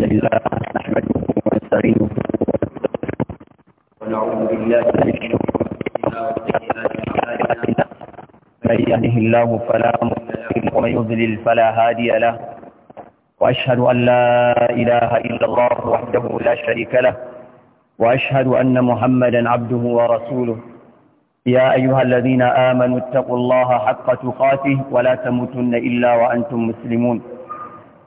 الحمد لله نحمده ونستعينه ونعوذ بالله من شرور انفسنا من يهده الله فلا مضل له ومن يضلل فلا هادي له واشهد ان لا اله الا الله وحده لا شريك له واشهد ان محمدا عبده ورسوله يا ايها الذين امنوا اتقوا الله حق تقاته ولا تموتن الا وانتم مسلمون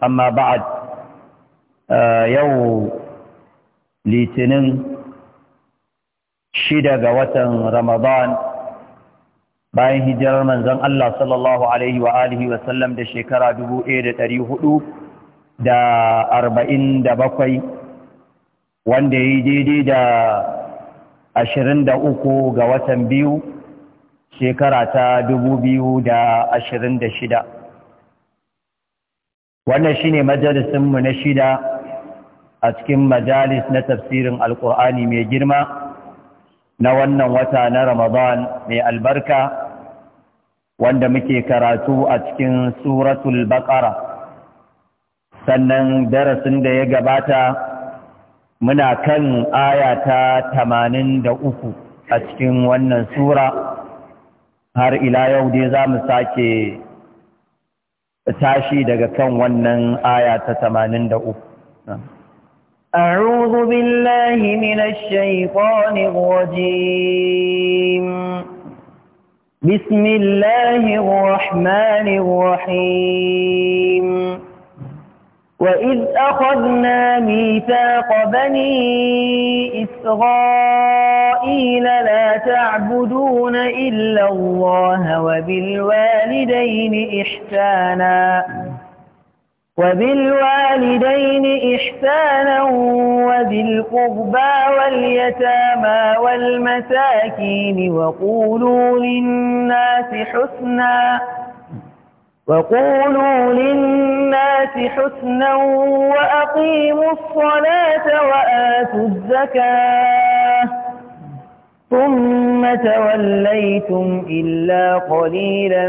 amma ba'ad yau litinin shida ga watan ramadan bayan hijirar manzon Allah sallallahu alaihi wa alihi wa sallam da shekara 1447 wanda ya yi daidai da 23 ga watan biyu shekara ta 2026 wannan shine majalisin mu na shida a cikin majalis na tafsirin Alƙur'ani mai girma na wannan wata na ramadan mai albarka wanda muke karatu a cikin suratul baqara sannan darasin da ya gabata muna kan ayata tamanin da uku a cikin wannan sura har ila yau dai za mu sake tashi daga kan wannan aya ta 83 أعوذ بالله من الشيطان الرجيم بسم الله الرحمن الرحيم وإذ أخذنا ميثاق بني إسرائيل لا تعبدون إلا الله وبالوالدين إحسانا وبالوالدين إحسانا وذي القربى واليتامى والمساكين وقولوا للناس حسناً وقولوا للناس حسنا وأقيموا الصلاة وآتوا الزكاة ثم توليتم إلا قليلا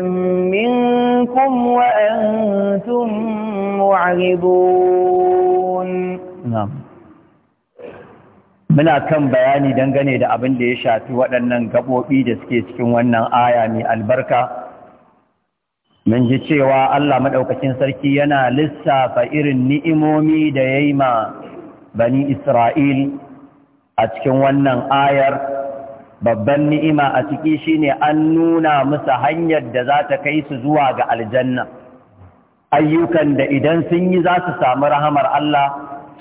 منكم وأنتم معرضون نعم muna kan bayani dangane da abin da ya shafi waɗannan gaɓoɓi da suke cikin wannan aya mai albarka mun ji cewa Allah maɗaukacin sarki yana lissafa irin ni'imomi da ya ma bani Isra'il a cikin wannan ayar babban ni'ima a ciki shi ne an nuna musu hanyar da za ta kai su zuwa ga aljanna ayyukan da idan sun yi za su samu rahamar Allah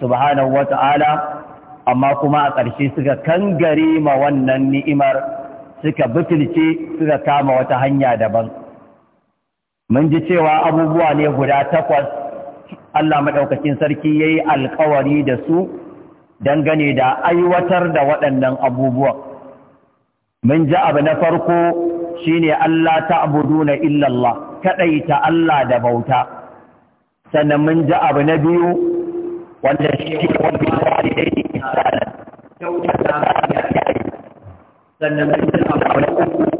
subhanahu ta’ala, amma kuma a ƙarshe suka kangare ma wannan ni'imar suka butulce suka kama wata hanya daban mun ji cewa abubuwa ne guda takwas Allah maɗaukacin sarki ya yi alkawari da su dangane da aiwatar da waɗannan abubuwan. Mun ji abu na farko shi ne Allah ta abudu na illallah, kaɗaita Allah da bauta. Sannan mun ji abu na biyu wanda shi ne wanda ya yi da yi Sannan mun ji abu na uku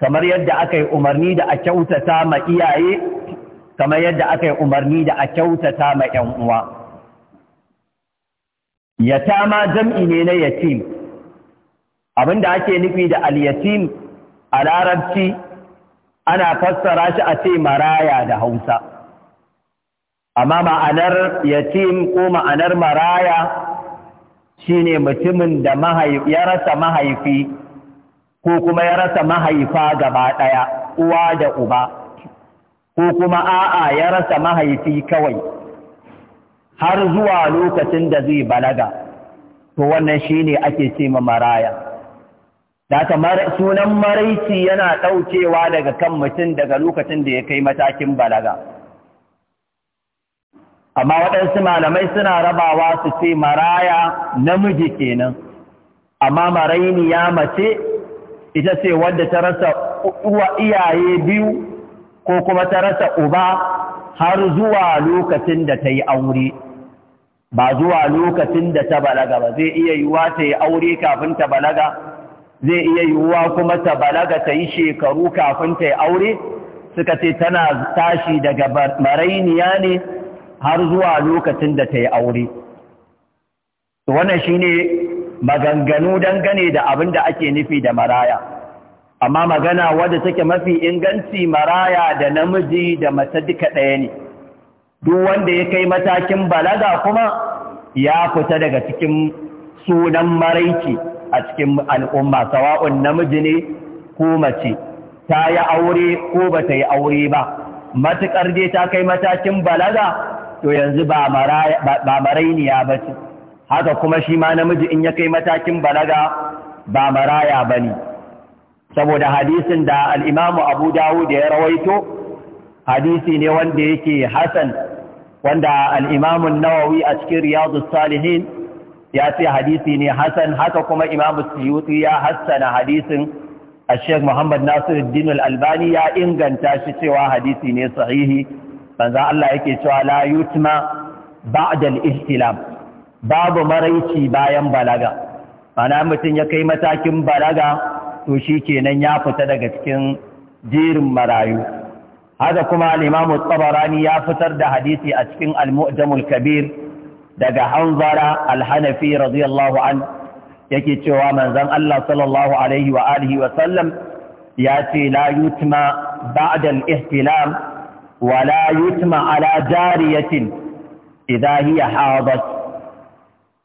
kamar yadda aka yi umarni da a kyautata ma iyaye kamar yadda aka yi umarni da a kyautata ma ‘yan uwa. ma jam'i ne na yatim, abinda ake nufi da al-yatim a larabci ana fassara shi a ce maraya da hausa. Amma ma'anar yatim ko ma'anar maraya shine mutumin da ya rasa mahaifi ko kuma ya rasa mahaifa gaba ɗaya uwa da uba ko kuma a'a ya rasa mahaifi kawai har zuwa lokacin da zai balaga to wannan shine ake ce maraya da sunan maraici yana ɗaucewa daga kan mutum daga lokacin da ya kai matakin balaga amma waɗansu malamai suna rabawa su ce maraya namiji kenan amma marainiya mace ita ce wadda ta rasa uwa iyaye biyu ko kuma ta rasa uba har zuwa lokacin da ta yi aure ba zuwa lokacin da ta balaga ba zai iya yiwuwa ta yi aure kafin ta balaga zai iya yiwuwa kuma ta balaga ta yi shekaru kafin ta yi aure suka ce tana tashi daga marainiya ne har zuwa lokacin da ta yi aure wannan shine maganganu dangane da abin da ake nufi da maraya amma magana wadda take mafi inganci maraya da namiji da mata duka ɗaya ne duk wanda ya kai matakin balaga kuma ya fita daga cikin sunan maraiki a cikin al'umma sawa'un namiji ne ko mace ta yi aure ko ba ta yi aure ba matuƙar dai ta kai matakin balaga to yanzu ba marainiya ba ce haka kuma shi ma namiji in ya kai matakin balaga ba maraya ba ne saboda hadisin da al'imamu abu dawud ya rawaito hadisi ne wanda yake hasan wanda al'imamun nawawi a cikin riyadu salihin ya ce hadisi ne Hassan haka kuma imamu suyuti ya hassana hadisin a sheikh muhammad nasiruddin al'albani ya inganta shi cewa hadisi ne sahihi banza Allah yake cewa la yutma ba'dal ihtilam babu maraici bayan balaga mana mutum ya kai matakin balaga to shi kenan ya fita daga cikin jirin marayu haka kuma al-imamu tsabarani ya fitar da hadisi a cikin almujamul kabir daga hanzara alhanafi hanafi radiyallahu an yake cewa manzon Allah sallallahu alaihi wa alihi wa sallam ya ce la yutma ba'da al-ihtilam wa la yutma ala jariyatin idha hiya hadat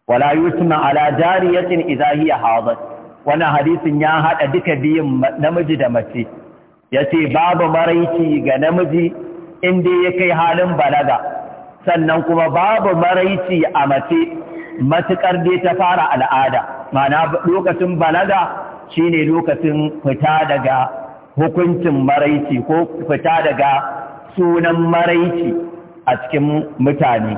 wala yusma ala jariyatin idza hiya hadat wannan hadisin ya hada duka biyun namiji da mace yace babu maraici ga namiji inda ya kai halin balaga sannan kuma babu maraici a mace matukar dai ta fara al'ada ma'ana lokacin balaga shine lokacin fita daga hukuncin maraici ko fita daga sunan maraici a cikin mutane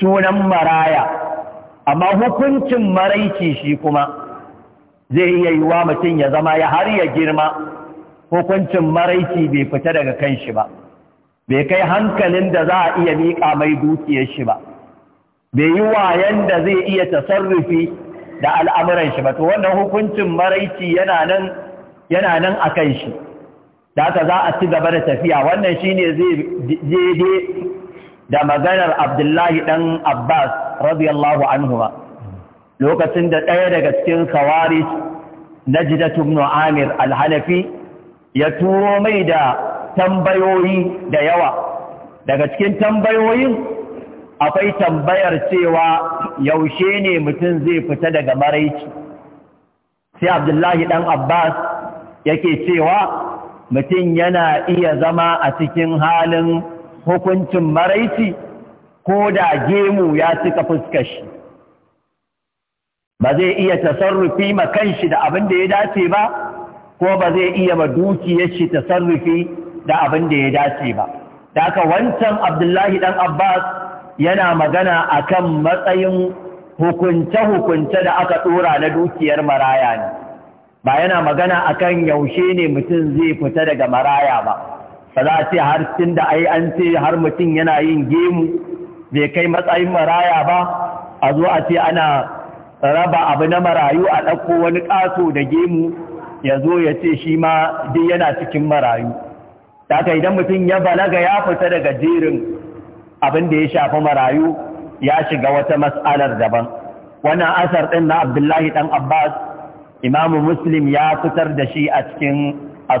sunan maraya amma hukuncin maraici shi kuma zai iya yi wa mutum ya zama ya har ya girma hukuncin maraici bai fita daga kan shi ba bai kai hankalin da za a iya miƙa mai dukiyar shi ba bai yi wayan da zai iya tasarrufi da al'amuran shi ba to wannan hukuncin maraici yana nan yana a kan shi da aka za a ci gaba da tafiya wannan shine zai da maganar abdullahi ɗan abbas radiyallahu anhu ba lokacin da ɗaya daga cikin kawari na jidatun amir alhanafi ya turo mai da tambayoyi da yawa daga cikin tambayoyin akwai tambayar cewa yaushe ne mutum zai fita daga maraici sai abdullahi ɗan abbas yake cewa mutum yana iya zama a cikin halin hukuncin maraici ko da gemu ya cika fuskar shi ba zai iya tasarrufi ma kanshi da abin da ya dace ba ko ba zai iya ma dukiyar shi tasarrufi da abin da ya dace ba da haka wancan abdullahi dan abbas yana magana akan matsayin hukunce-hukunce da aka tsora na dukiyar maraya ne ba yana magana akan yaushe ne mutum zai fita daga maraya ba ba za a ce har tun da ai an ce har mutum yana yin gemu bai kai matsayin maraya ba a zo a ce ana raba abu na marayu a ɗauko wani ƙaso da gemu ya zo ya ce shi ma duk yana cikin marayu ta idan mutum ya balaga ya fita daga jerin abin da ya shafi marayu ya shiga wata mas'alar daban wannan asar ɗin na abdullahi ɗan abbas imamu muslim ya fitar da shi a cikin as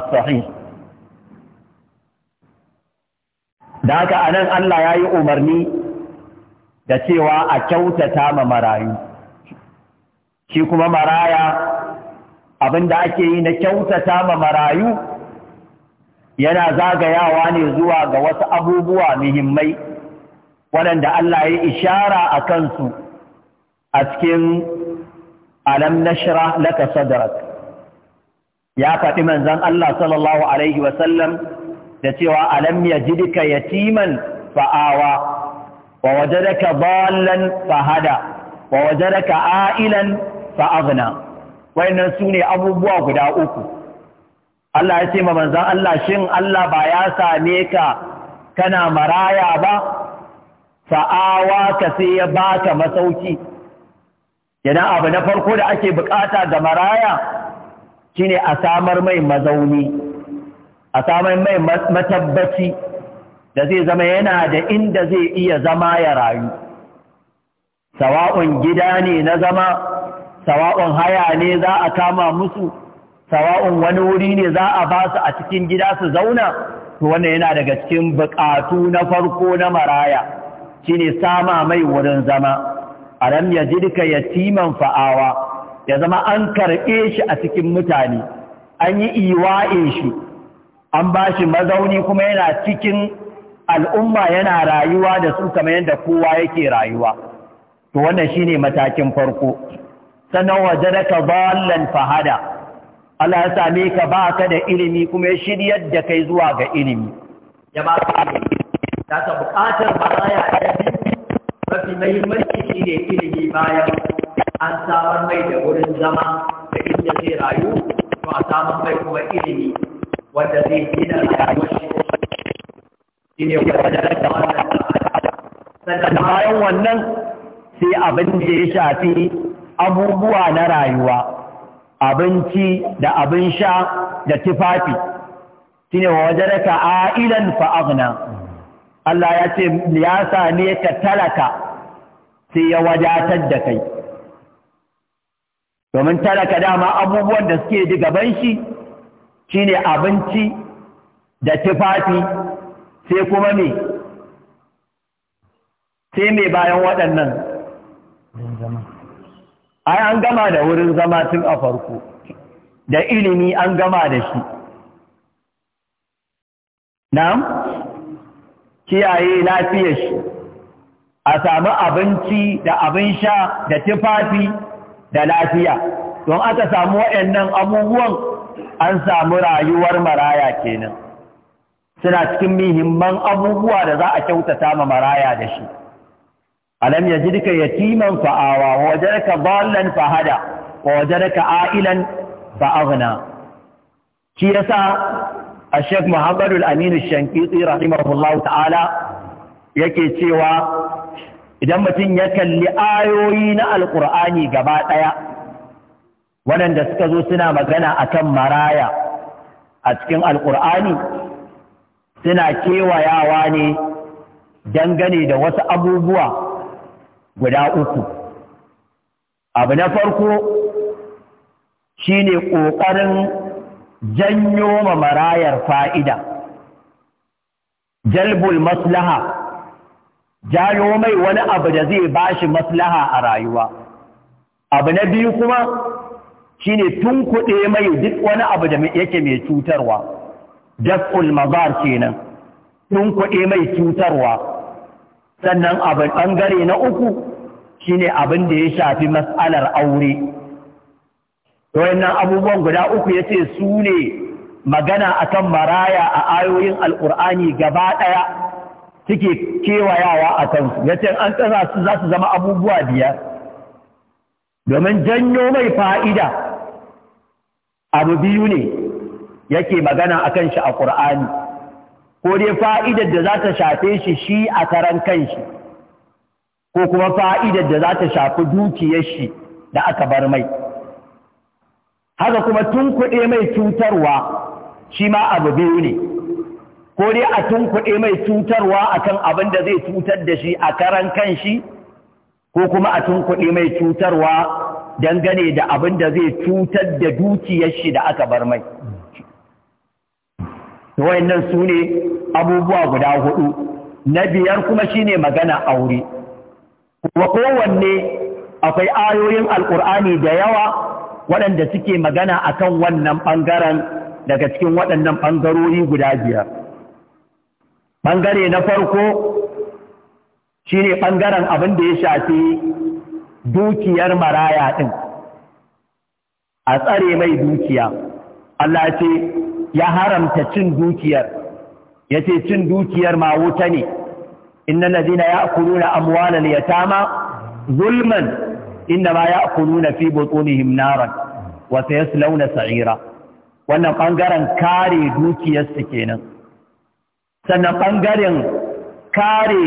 da haka a nan Allah ya yi umarni da cewa a kyautata ma marayu shi kuma maraya abinda ake yi na kyautata ma marayu yana zagayawa ne zuwa ga wasu abubuwa muhimmai waɗanda Allah ya ishara a kansu a cikin alam nashra laka sadrak ya faɗi manzon Allah sallallahu alaihi wasallam da cewa alam yajidka yatiman fa'awa wa wajadaka dallan fahada wa wajadaka a'ilan fa'aghna wayannan sune abubuwa guda uku Allah ya ce ma manzon Allah shin Allah ba ya same ka kana maraya ba fa'awa ka sai ya baka masauki yana abu na farko da ake bukata ga maraya shine a samar mai mazauni a samun mai matabbaci da zai zama yana da inda zai iya zama ya rayu sawa'un gida ne na zama sawa'un haya ne za a kama musu sawa'un wani wuri ne za a ba su a cikin gida su zauna to wannan yana daga cikin buƙatu na farko na maraya Shi ne sama mai wurin zama ya alam ya yatiman fa'awa ya zama an karɓe shi a cikin mutane an yi iwa'in shi an ba shi mazauni kuma yana cikin al'umma yana rayuwa da su kamar yadda kowa yake rayuwa to wannan shi ne matakin farko sannan wajadaka dallan fahada Allah ya same ka ba ka da ilimi kuma ya shiryar da kai zuwa ga ilimi Ya ta ka bukatar baraya yi. mafi muhimmanci shine ilimi bayan an samar mai da wurin zama da inda zai rayu to a samar mai kuma ilimi wanda zai gina rayuwar shi shi ne wajen da wannan sannan bayan wannan sai abin da ya shafi abubuwa na rayuwa abinci da abin sha da tufafi shi ne wajen da a'ilan fa'agna Allah ya ce ya sane ka talaka sai ya wadatar da kai domin talaka dama abubuwan da suke gaban shi Shi ne abinci da tufafi sai kuma me sai me bayan waɗannan ai an gama da wurin zama tun a farko da ilimi an gama da shi Na kiyaye lafiya shi a samu abinci da abin sha da tufafi da lafiya don aka samu waɗannan abubuwan an samu rayuwar maraya kenan suna cikin muhimman abubuwa da za a kyautata ma maraya da shi alam yajidka yatiman fa'awa wa wajadaka dallan fahada wa wajadaka a'ilan fa'aghna shi yasa Sheikh Muhammad Al-Amin Al-Shankiti rahimahullahu ta'ala yake cewa idan mutum ya kalli ayoyi na Alƙur'ani gaba ɗaya waɗanda suka zo suna magana akan maraya a cikin Alƙur'ani, suna kewayawa ne dangane da wasu abubuwa guda uku abu na farko shine ƙoƙarin janyo ma marayar fa'ida jalbul maslaha jayo mai wani abu da zai bashi maslaha a rayuwa abu na biyu kuma shine tun kuɗe mai duk wani abu da yake mai cutarwa daf'ul mazar kenan Tun kuɗe mai cutarwa sannan abin ɓangare na uku shine abin da ya shafi matsalar aure wayannan abubuwan guda uku yace su ne magana akan maraya a ayoyin alkur'ani gaba ɗaya suke kewayawa a kansu yace an tsara su za su zama abubuwa biyar domin janyo mai fa'ida abu biyu ne yake magana akan shi a Kur'ani? ko dai fa'idar da za ta shafe shi shi a karan kanshi ko kuma fa'idar da za ta shafi dukiyar shi da aka bar mai haka kuma tun kuɗe mai cutarwa shi ma abu biyu ne ko dai a tun kuɗe mai cutarwa akan abin da zai cutar da shi a karan kanshi ko kuma a tun kuɗe mai cutarwa dangane da abin da zai cutar da dukiyar shi da aka bar mai wayannan su ne abubuwa guda hudu na biyar kuma shine magana aure kuma kowanne akwai ayoyin alkur'ani da yawa waɗanda suke magana akan wannan ɓangaren daga cikin waɗannan ɓangarori guda biyar ɓangare na farko shine ɓangaren abin da ya shafi dukiyar maraya ɗin a tsare mai dukiya Allah ce ya haramta cin dukiyar ya ce cin dukiyar ma wuta ne inna lazina ya kuru na amwalar tama zulman inda ma ya kuru na fi botsoni naran wata ya launa sa'ira wannan ɓangaren kare dukiyarsu kenan sannan ɓangaren kare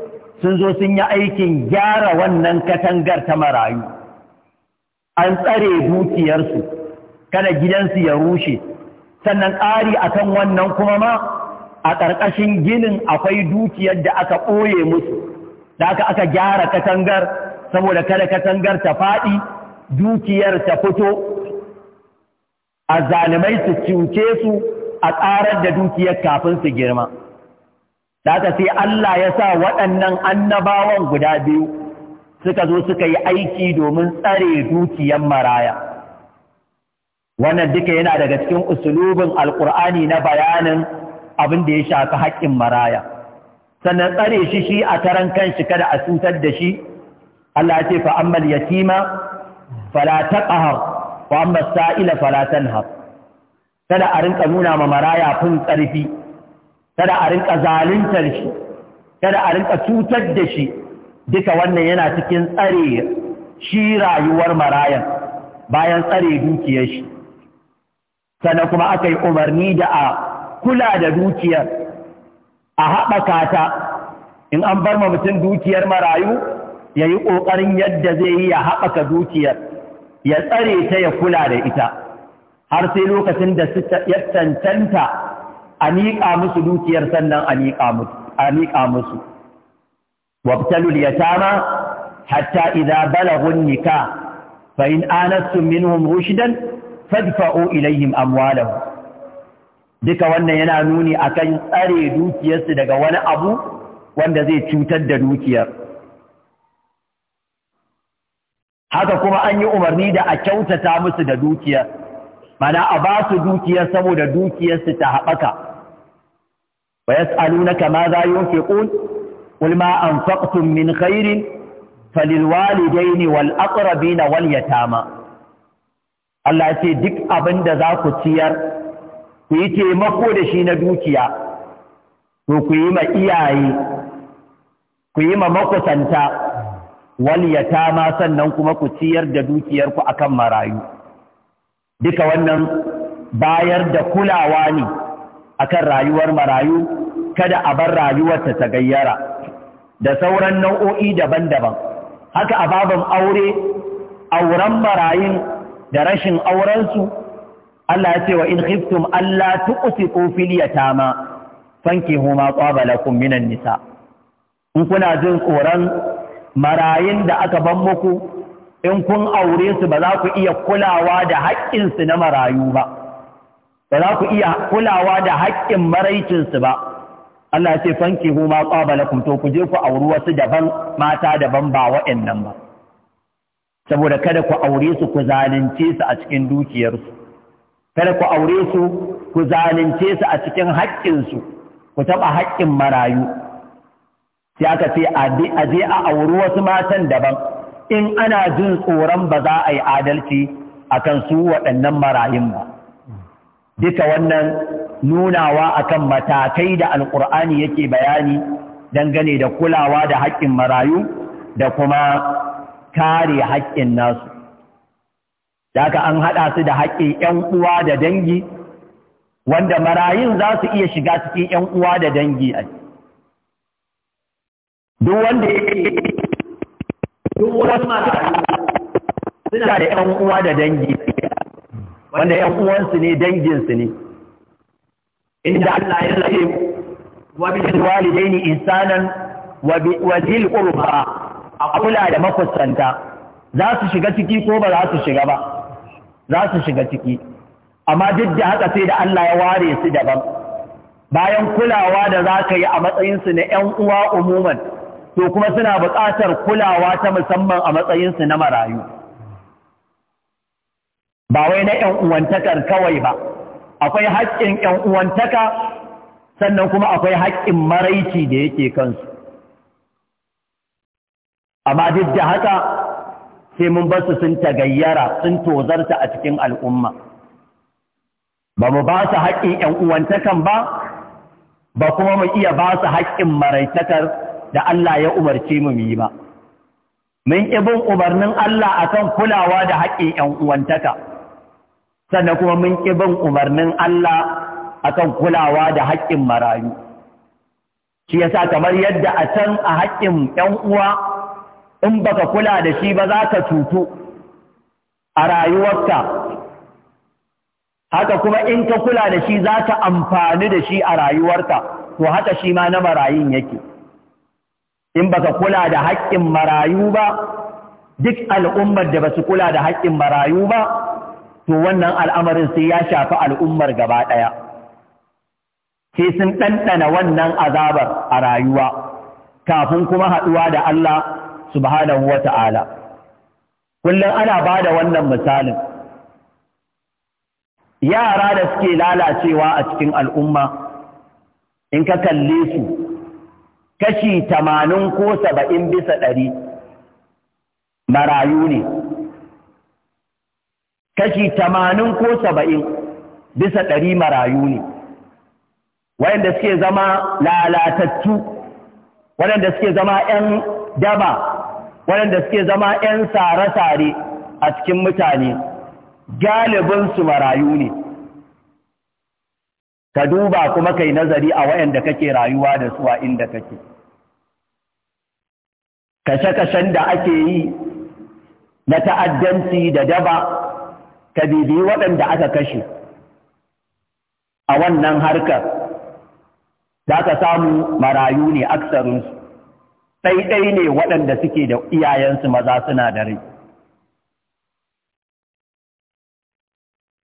sun zo sun yi aikin gyara wannan katangar ta marayu an tsare dukiyarsu kada gidansu ya rushe sannan ƙari akan wannan kuma ma a ƙarƙashin ginin akwai dukiyar da aka ɓoye musu da aka aka gyara katangar saboda kada katangar ta faɗi dukiyar ta fito a zalimai su cuce su a ƙarar da dukiyar kafin su girma da aka sai Allah ya sa waɗannan annabawan guda biyu suka zo suka yi aiki domin tsare dukiyan maraya wannan duka yana daga cikin usulubin alkur'ani na bayanin abin da ya shafi haƙƙin maraya sannan tsare shi shi a karan kanshi kada a cutar da shi Allah ya ce fa yatima fala taqhar wa sa'ila kada a rinka nuna ma maraya fin tsarfi kada a rinka zaluntar shi kada a rinka cutar da shi duka wannan yana cikin tsare shi rayuwar marayan bayan tsare dukiyar shi sannan kuma aka yi umarni da a kula da dukiyar a haɓaka ta in an bar ma mutum dukiyar marayu ya yi ƙoƙarin yadda zai yi ya haɓaka dukiyar ya tsare ta ya kula da ita har sai lokacin da ya cancanta a miƙa musu dukiyar sannan a miƙa musu wabtalul yatama hatta idza balagun nika fa in anastum minhum rushdan fadfa'u ilayhim amwalahum duka wannan yana nuni akan tsare dukiyarsu daga wani abu wanda zai cutar da dukiyar haka kuma an yi umarni da a kyautata musu da dukiyar mana a ba su dukiyar saboda dukiyarsu ta haɓaka wa yas'alunaka ma za yunfiqun qul ma anfaqtum min khairin falilwalidaini wal aqrabina wal yatama Allah ce duk abin da za ku ciyar ku yi taimako da shi na dukiya to ku yi ma iyaye ku yi ma makusanta wal yatama sannan kuma ku ciyar da dukiyarku akan marayu duka wannan bayar da kulawa ne akan rayuwar marayu kada a bar rayuwarta ta gayyara da sauran nau'o'i daban-daban haka a babin aure auren marayun da rashin aurensu Allah ya ce wa in khiftum alla tuqsitu fil yatama fankihu ma qaba minan nisa in kuna jin tsoron marayun da aka ban muku in kun aure su ba za ku iya kulawa da haƙƙinsu na marayu ba ba za ku iya kulawa da haƙƙin maraicinsu ba Allah ce fanki huma ƙwaba lakum to ku je ku auri wasu daban mata daban ba waɗannan ba saboda kada ku aure su ku zalunce su a cikin dukiyarsu kada ku aure su ku zalunce su a cikin haƙƙinsu ku taɓa haƙƙin marayu sai aka ce a je a auri wasu matan daban in ana jin tsoron ba za a yi adalci a kan su waɗannan marayun ba duka wannan nunawa akan matakai da alkur'ani yake bayani dangane da kulawa da haƙƙin marayu da kuma kare haƙƙin nasu da aka an haɗa su da haƙƙin 'yan uwa da dangi wanda marayun za su iya shiga cikin 'yan uwa da dangi a duk wanda ya duk wasu mata suna da 'yan uwa da dangi wanda ‘yan uwansu ne danginsu ne inda Allah ya zaɓe wa bil walidaini insanan wa zil qurba a kula da makusanta za su shiga ciki ko ba za su shiga ba za su shiga ciki amma duk da haka sai da Allah ya ware su daban bayan kulawa da za ka yi a matsayinsu na ‘yan uwa umuman to kuma suna buƙatar kulawa ta musamman a matsayinsu na marayu ba wai na ‘yan uwantakar kawai ba akwai haƙƙin ‘yan uwantaka sannan kuma akwai haƙƙin maraici da yake kansu amma duk da haka sai mun basu sun tagayyara sun tozarta a cikin al'umma ba mu ba su haƙƙin ‘yan uwantakan ba ba kuma mu iya ba su haƙƙin maraitakar da Allah ya umarce mu yi ba mun ƙi bin umarnin Allah akan kulawa da haƙƙin ‘yan uwantaka sannan kuma mun ƙi bin umarnin Allah akan kulawa da haƙƙin marayu shi sa kamar yadda a can a haƙƙin ‘yan’uwa uwa in ka kula da shi ba za ka cutu a rayuwarka haka kuma in ka kula da shi za ka amfani da shi a rayuwarka to haka shi ma na marayun yake in ba ka kula da haƙƙin marayu ba duk al'ummar da ba su kula da haƙƙin marayu ba to wannan al'amarin sai ya shafi al'ummar gaba ɗaya sai sun ɗanɗana wannan azabar a rayuwa kafin kuma haɗuwa da Allah subhanahu wa ta'ala kullum ana ba da wannan misalin yara da suke lalacewa a cikin al'umma in ka kalle su kashi tamanin ko saba'in bisa ɗari marayu ne kashi tamanin ko saba'in bisa ɗari marayu ne waɗanda suke zama lalatattu waɗanda suke zama 'yan daba waɗanda suke zama 'yan sare-sare a cikin mutane galibinsu marayu ne ka duba kuma ka yi nazari a waɗanda kake rayuwa da su a inda kake kashe-kashen da ake yi na ta'addanci da daba ka waɗanda aka kashe a wannan harkar za ka samu marayu ne aksarinsu ɗai ne waɗanda suke da iyayensu maza suna da rai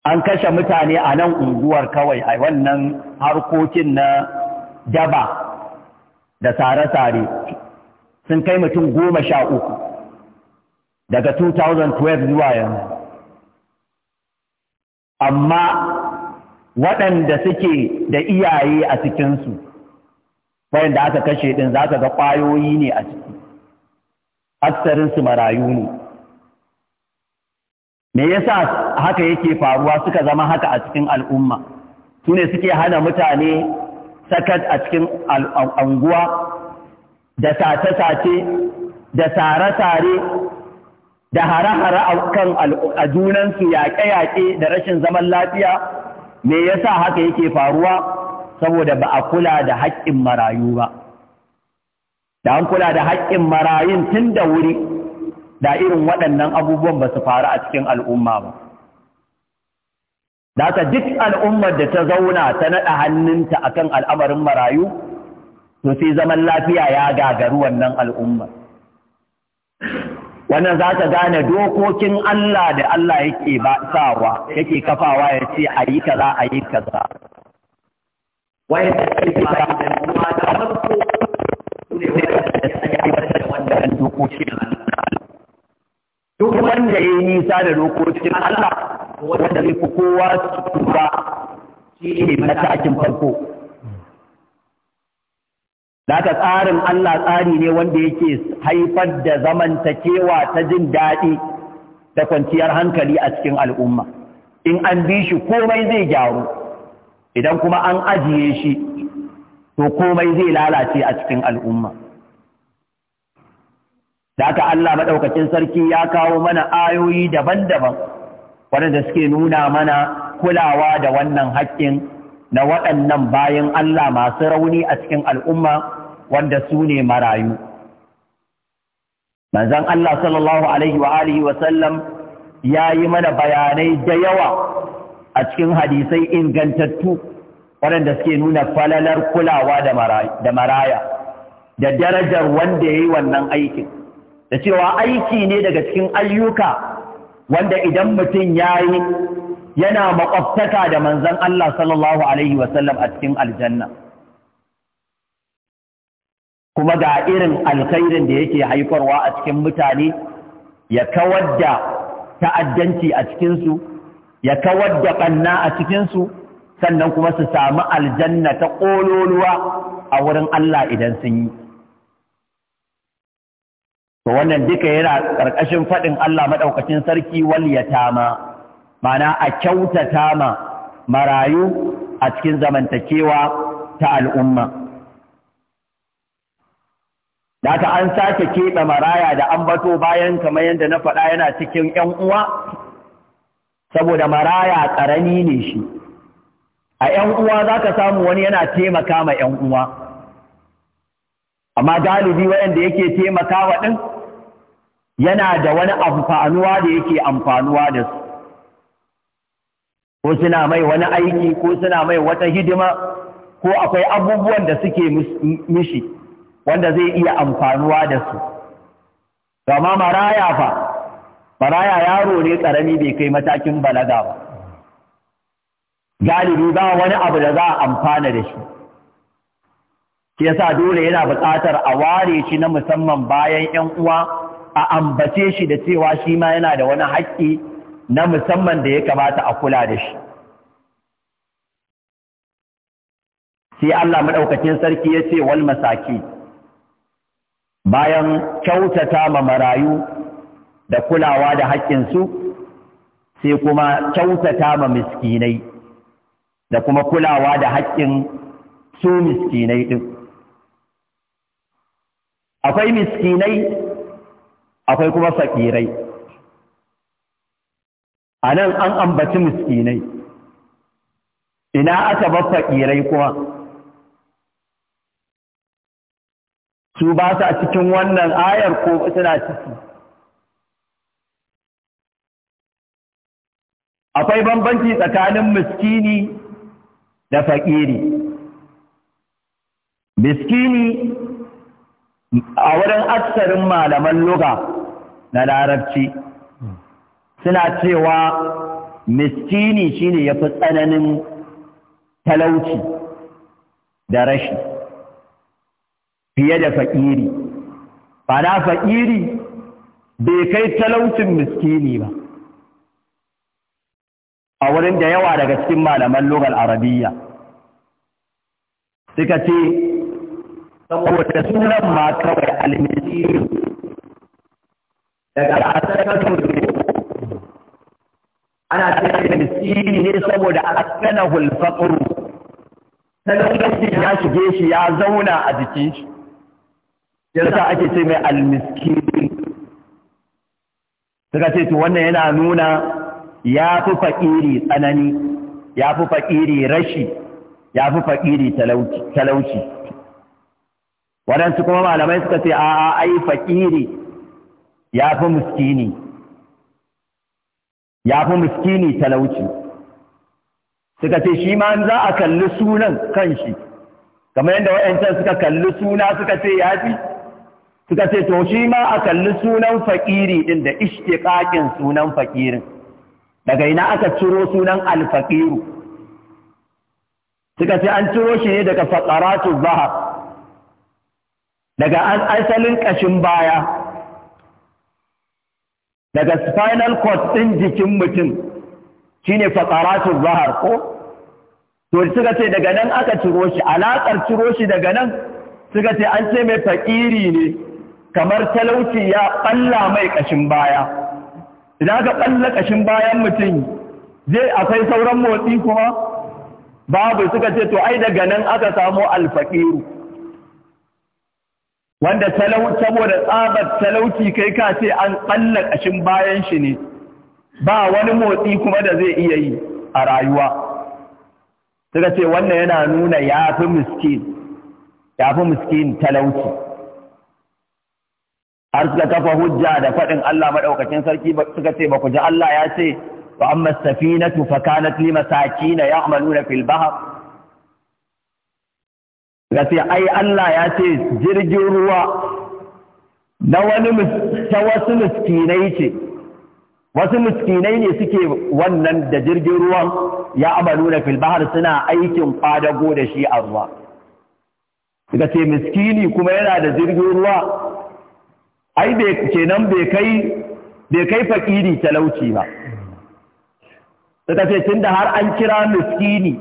an kashe mutane a nan unguwar kawai a wannan harkokin na daba da sare-sare sun kai mutum goma sha uku daga 2012 zuwa yanzu amma waɗanda suke da iyaye a cikinsu da aka kashe ɗin za ka ga ƙwayoyi ne a ciki aksarinsu marayu ne me yasa haka yake faruwa suka zama haka a cikin al'umma su ne suke hana mutane sakat a cikin anguwa da sace-sace da sare-sare da hare-hare a kan junansu yaƙe-yaƙe da rashin zaman lafiya me yasa haka yake faruwa saboda ba a kula da haƙƙin marayu ba da an kula da haƙƙin marayun tun da wuri da irin waɗannan abubuwan ba su faru a cikin al'umma ba da duk al'ummar da ta zauna ta naɗa hannunta a kan al'amarin marayu to sai zaman lafiya ya gagaru wannan al'ummar wannan za ta gane dokokin Allah da Allah yake ba sawa yake kafawa ya ce a yi kaza a yi kaza wai da ke fara da kuma da farko ne wanda ya aiwatar wanda wannan dokokin Allah duk wanda ya yi nisa da dokokin Allah wanda zai fi kowa su tuba shi ne matakin farko Daka tsarin Allah tsari ne wanda yake haifar da zamantakewa ta jin daɗi da kwanciyar hankali a cikin al'umma. In an bi shi komai zai gyaru, idan kuma an ajiye shi, to komai zai lalace a cikin al'umma. Daka Allah maɗaukacin sarki ya kawo mana ayoyi daban-daban waɗanda suke nuna mana kulawa da wannan haƙƙin na waɗannan bayan Allah masu rauni a cikin al'umma. wanda su ne marayu manzon Allah sallallahu alaihi wa alihi ya yi mana bayanai da yawa a cikin hadisai ingantattu waɗanda suke nuna falalar kulawa da maraya da darajar wanda ya yi wannan aikin da cewa aiki ne daga cikin ayyuka wanda idan mutum ya yi yana maƙwabtaka da manzan Allah sallallahu alaihi a cikin aljanna kuma ga irin alkhairin da yake haifarwa a cikin mutane ya kawar da ta'addanci a cikinsu ya kawar da ƙanna a cikinsu sannan kuma su samu aljanna ta ƙololuwa a wurin Allah idan sun yi to wannan duka yana ƙarƙashin faɗin Allah maɗaukacin sarki wal yatama mana a kyautata ma marayu a cikin zamantakewa ta al'umma Da Daka an sake keɓe maraya da an bato bayan kamar yadda na faɗa yana cikin ‘yan uwa, saboda maraya ƙarami ne shi. A ‘yan uwa za ka samu wani yana taimaka ma ‘yan uwa, amma galibi waɗanda yake taimaka wa ɗin yana da wani amfanuwa da yake amfanuwa da su. Ko suna mai wani aiki ko suna mai wata hidima ko akwai abubuwan da suke mishi. wanda zai iya amfanuwa da su gama maraya fa maraya yaro ne ƙarami bai kai matakin balaga ba galibi ba wani abu da za a amfana da shi ke sa dole yana buƙatar a ware shi na musamman bayan 'yan uwa a ambace shi da cewa shi ma yana da wani haƙƙi na musamman da ya kamata a kula da shi sai Allah maɗaukacin sarki ya ce wal masaki bayan kyautata ma marayu da kulawa da haƙƙinsu sai kuma kyautata ma miskinai da kuma kulawa da haƙƙin su miskinai ɗin akwai miskinai akwai kuma faƙirai a nan an ambaci miskinai ina aka bar faƙirai kuma su ba a cikin wannan ayar ko suna ciki akwai bambanci tsakanin miskini da faƙiri miskini a wurin aksarin malaman luga na larabci suna cewa miskini shine ya fi tsananin talauci da rashi fiye da faƙiri fada faƙiri bai kai talaucin miskini ba a wurin da yawa daga cikin malaman lugar arabiya suka ce saboda sunan ma kawai almisiru daga asakatu ana ce da miskini ne saboda askana hulfaƙuru talaucin ya shige shi ya zauna a jikin shi yasa ake ce mai almiskini suka ce su wannan yana nuna ya fi fa'iri tsanani ya fi fa'iri rashi ya fi fa'iri talauci waɗansu kuma malamai suka ce a ai fa'iri, ya fi muskini ya fi muskini talauci suka ce shi ma za a kalli sunan kan shi? kamar yadda wa'yancan suka kalli suna suka ce ya fi suka ce to shi ma a kalli sunan fakiri din da ishtiqaqin sunan fakirin daga ina aka ciro sunan alfaqiru suka ce an ciro shi ne daga faqaratu zahab daga an asalin kashin baya daga spinal cord din jikin mutum shine faqaratu zahar ko to suka ce daga nan aka ciro shi alaƙar ciro shi daga nan suka ce an ce mai fakiri ne kamar talauci ya ɓalla mai ƙashin baya idan ka ɓalla ƙashin bayan mutum zai akwai sauran motsi kuma babu suka ce to ai daga nan aka samo alfaƙiru wanda saboda tsabar talauci kai ka ce an ɓalla ƙashin bayan shi ne ba wani motsi kuma da zai iya yi a rayuwa suka ce wannan yana nuna ya fi miskin ya fi miskin talauci har suka kafa hujja da faɗin Allah maɗaukacin sarki suka ce ba ku ji Allah ya ce wa amma safinatu fa kanat li masakin ya'maluna fil bahr suka ce ai Allah ya ce jirgin ruwa na wani ta wasu miskinai ce wasu miskinai ne suke wannan da jirgin ruwan ya ya'maluna fil filbahar suna aikin kwadago da shi a ruwa suka ce miskini kuma yana da jirgin ruwa ai kenan bai kai faƙiri fakiri talauci ba ta ce tunda har an kira miskini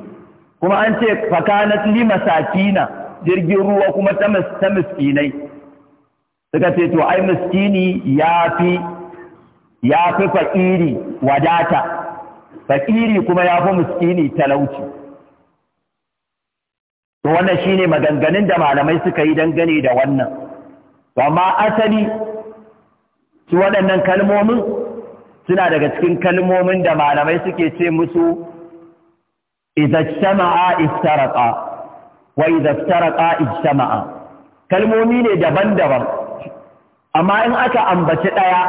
kuma an ce fakanat li masakina jirgin ruwa kuma ta miskinai suka ce to ai miskini ya fi ya fakiri wadata fakiri kuma ya fi miskini talauci to wannan shine maganganun da malamai suka yi dangane da wannan amma asali su waɗannan kalmomin suna daga cikin kalmomin da malamai suke ce musu izajtama'a istaraqa wa izaftaraqa ijtama'a kalmomi ne daban-daban amma in aka ambaci ɗaya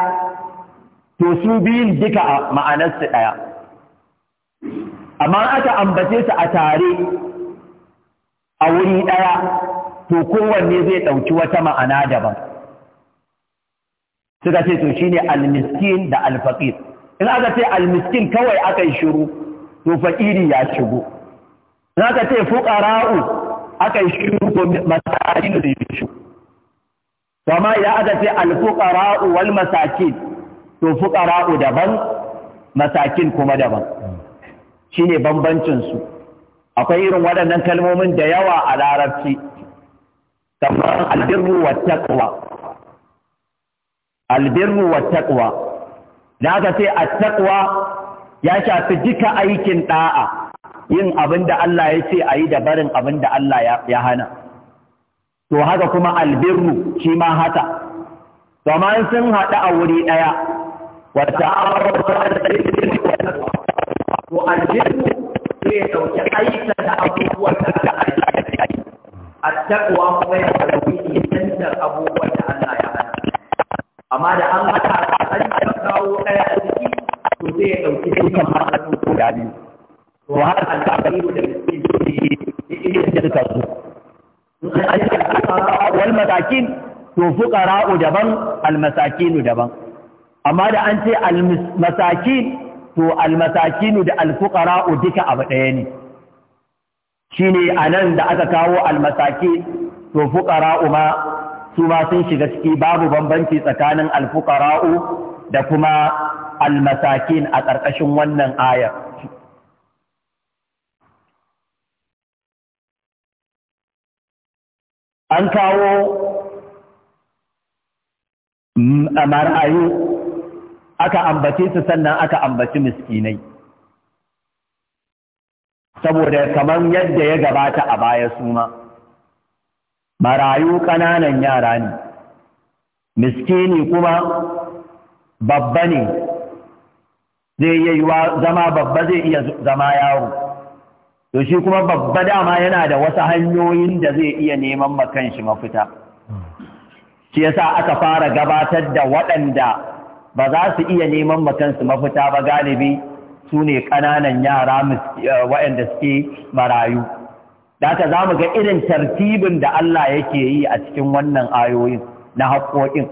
to su biyun duka a su ɗaya amma aka ambace su a tare a wuri ɗaya to kowanne zai ɗauki wata ma'ana daban suka ce to shine almiskin da alfaqir in aka ce almiskin kawai aka yi shiru to fakiri ya shigo in aka ce fuqara'u aka yi shiru to masakin da yi shiru kama idan aka ce alfuqara'u wal masakin to fuqara'u daban masakin kuma daban shine bambancin su akwai irin waɗannan kalmomin da yawa a larabci kamar albirru wa taqwa albirru wa taqwa da aka ce at-taqwa ya shafi duka aikin da'a yin abin da Allah ya ce ayi da barin abin da Allah ya hana to haka kuma albirru shi ma haka to amma sun haɗu a wuri ɗaya wa ta'awatu al-birri wa taqwa to albirru zai dauki aikata abubuwan da Allah ya ce ayi at-taqwa kuma ya dauki amma da an mata an kawo ɗaya a ciki to sai ya ɗauki dukkan su guda biyu to har alfa'iru da miskin ne ya iya su wal masakin to fuqara'u daban al masakinu daban amma da an ce al masakin to al masakinu da al fuqara'u duka abu ɗaya ne shine anan da aka kawo al masakin to fuqara'u ma su ma sun shiga ciki babu bambanci tsakanin alfukara'u da kuma almasakin a ƙarƙashin wannan ayar. An kawo marayu aka ambace su sannan aka ambaci miskinai. Saboda kamar yadda ya gabata a baya suma. marayu ƙananan yara ne miskini kuma babba ne zai iya zama babba zai iya zama yaro to shi kuma babba dama yana da wasu hanyoyin da zai iya neman makan shi mafita shi yasa aka fara gabatar da waɗanda ba za su iya neman makansu mafita ba galibi su ne ƙananan yara eh, waɗanda suke marayu da aka za mu ga irin tartibin da Allah yake yi a cikin wannan ayoyin na haƙoƙin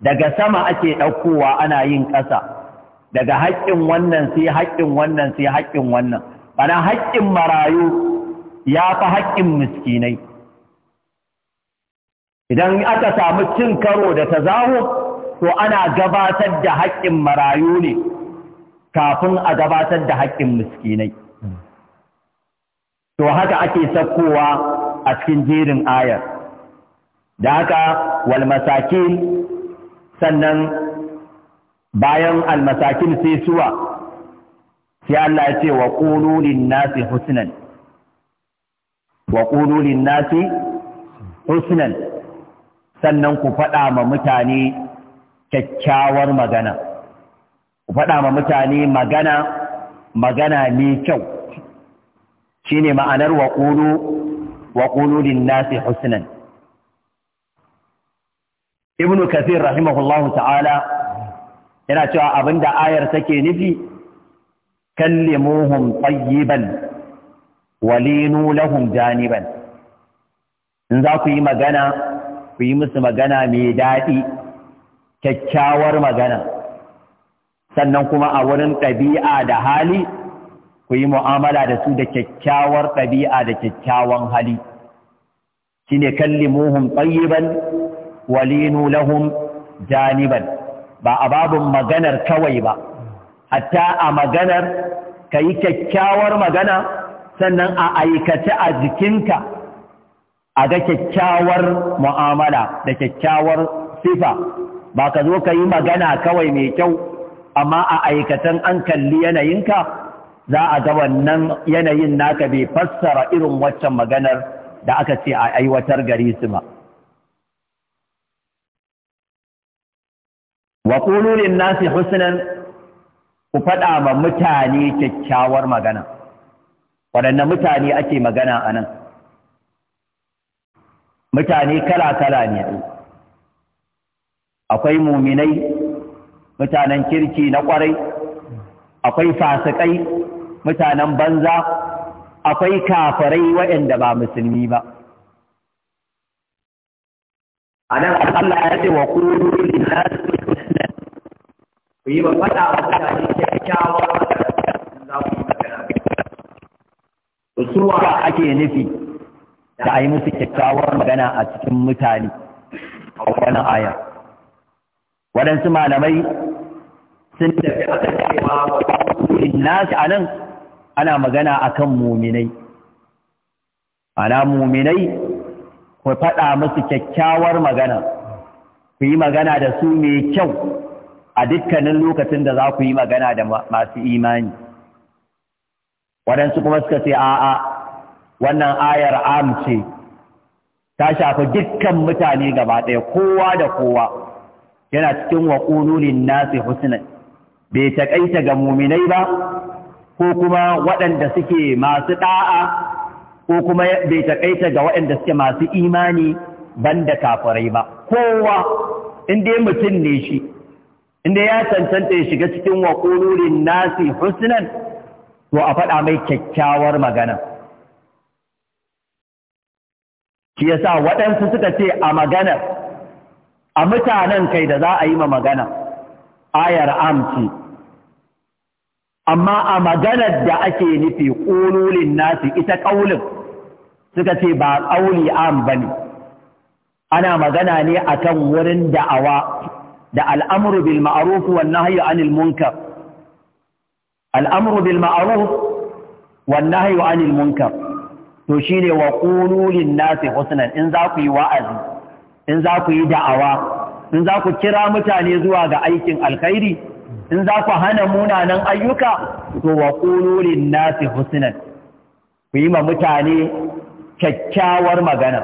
daga sama ake ɗaukowa ana yin ƙasa daga haƙƙin wannan sai haƙƙin wannan sai haƙƙin wannan bana haƙƙin marayu ya fi haƙƙin miskinai idan aka samu cin karo da zawo to ana gabatar da haƙƙin marayu ne kafin a gabatar da haƙƙin miskinai to haka ake sakkowa a cikin jerin ayar da haka walmasakin sannan bayan almasakin sai suwa sai Allah ya ce wa nasi husnan wa nasi husnan sannan ku faɗa ma mutane kyakkyawar magana ku faɗa ma mutane magana magana ne kyau shine ma'anar wa qulu linnasi husnan ibnu kathir rahimahullahu ta'ala yana cewa abinda ayar take nufi kallimuhum tayyiban walinu lahum janiban in za ku yi magana ku yi musu magana mai daɗi kyakkyawar magana sannan kuma a wurin ɗabi'a da hali ku yi mu'amala da su da kyakkyawar ɗabi'a da kyakkyawan hali shine kallimuhum tayyiban walinu lahum janiban ba a babin maganar kawai ba hatta a maganar ka yi kyakkyawar magana sannan a aikace a jikinka a ga kyakkyawar mu'amala da kyakkyawar sifa ba ka zo ka yi magana kawai mai kyau amma a aikatan an kalli yanayinka za a ga wannan yanayin naka bai fassara irin waccan maganar da aka ce a aiwatar gari su ma. Wa ƙulurin nasi husnan ku faɗa ma mutane kyakkyawar magana, waɗanne mutane ake magana a nan. Mutane kala-kala ne, akwai muminai, mutanen kirki na ƙwarai, akwai fasikai mutanen banza akwai kafarai waɗanda ba musulmi ba a nan Allah ya ce wa kuru lillahi ku yi ba faɗa wa mutane kyakkyawar za ku yi magana suwa ake nufi da a yi musu kyakkyawar magana a cikin mutane a wannan aya waɗansu malamai sun tafi aka cewa wa kuru lillahi a nan ana magana akan muminai ana muminai ku faɗa musu kyakkyawar magana ku yi magana da su mai kyau a dukkanin lokacin da za ku yi magana da masu imani waɗansu kuma suka ce a'a wannan ayar am ce ta shafi dukkan mutane gaba ɗaya kowa da kowa yana cikin wa nasi husnan bai taƙaita ga muminai ba ko kuma waɗanda suke masu ɗa'a ko kuma bai taƙaita ga waɗanda suke masu imani banda kafurai ba kowa inda ya mutum ne shi inda ya cancanta ya shiga cikin waƙulurin nasi husnan to a faɗa mai kyakkyawar magana shi sa waɗansu suka ce a maganar a mutanen kai da za a yi ma magana ayar amci amma a maganar da ake nufi ƙululin nasu ita ƙaulin suka ce ba ƙauli am ba ne ana magana ne a kan wurin da'awa da al'amuru bil ma'aruf wannan hayo anil munkar al'amuru bil ma'aruf wannan hayo anil munkar to shi ne wa ƙululin nasu husnan in za ku yi wa'azi in za ku yi da'awa in za ku kira mutane zuwa ga aikin alkhairi in za ku hana munanan ayyuka to wa qululin nasi husnan ku yi ma mutane kyakkyawar magana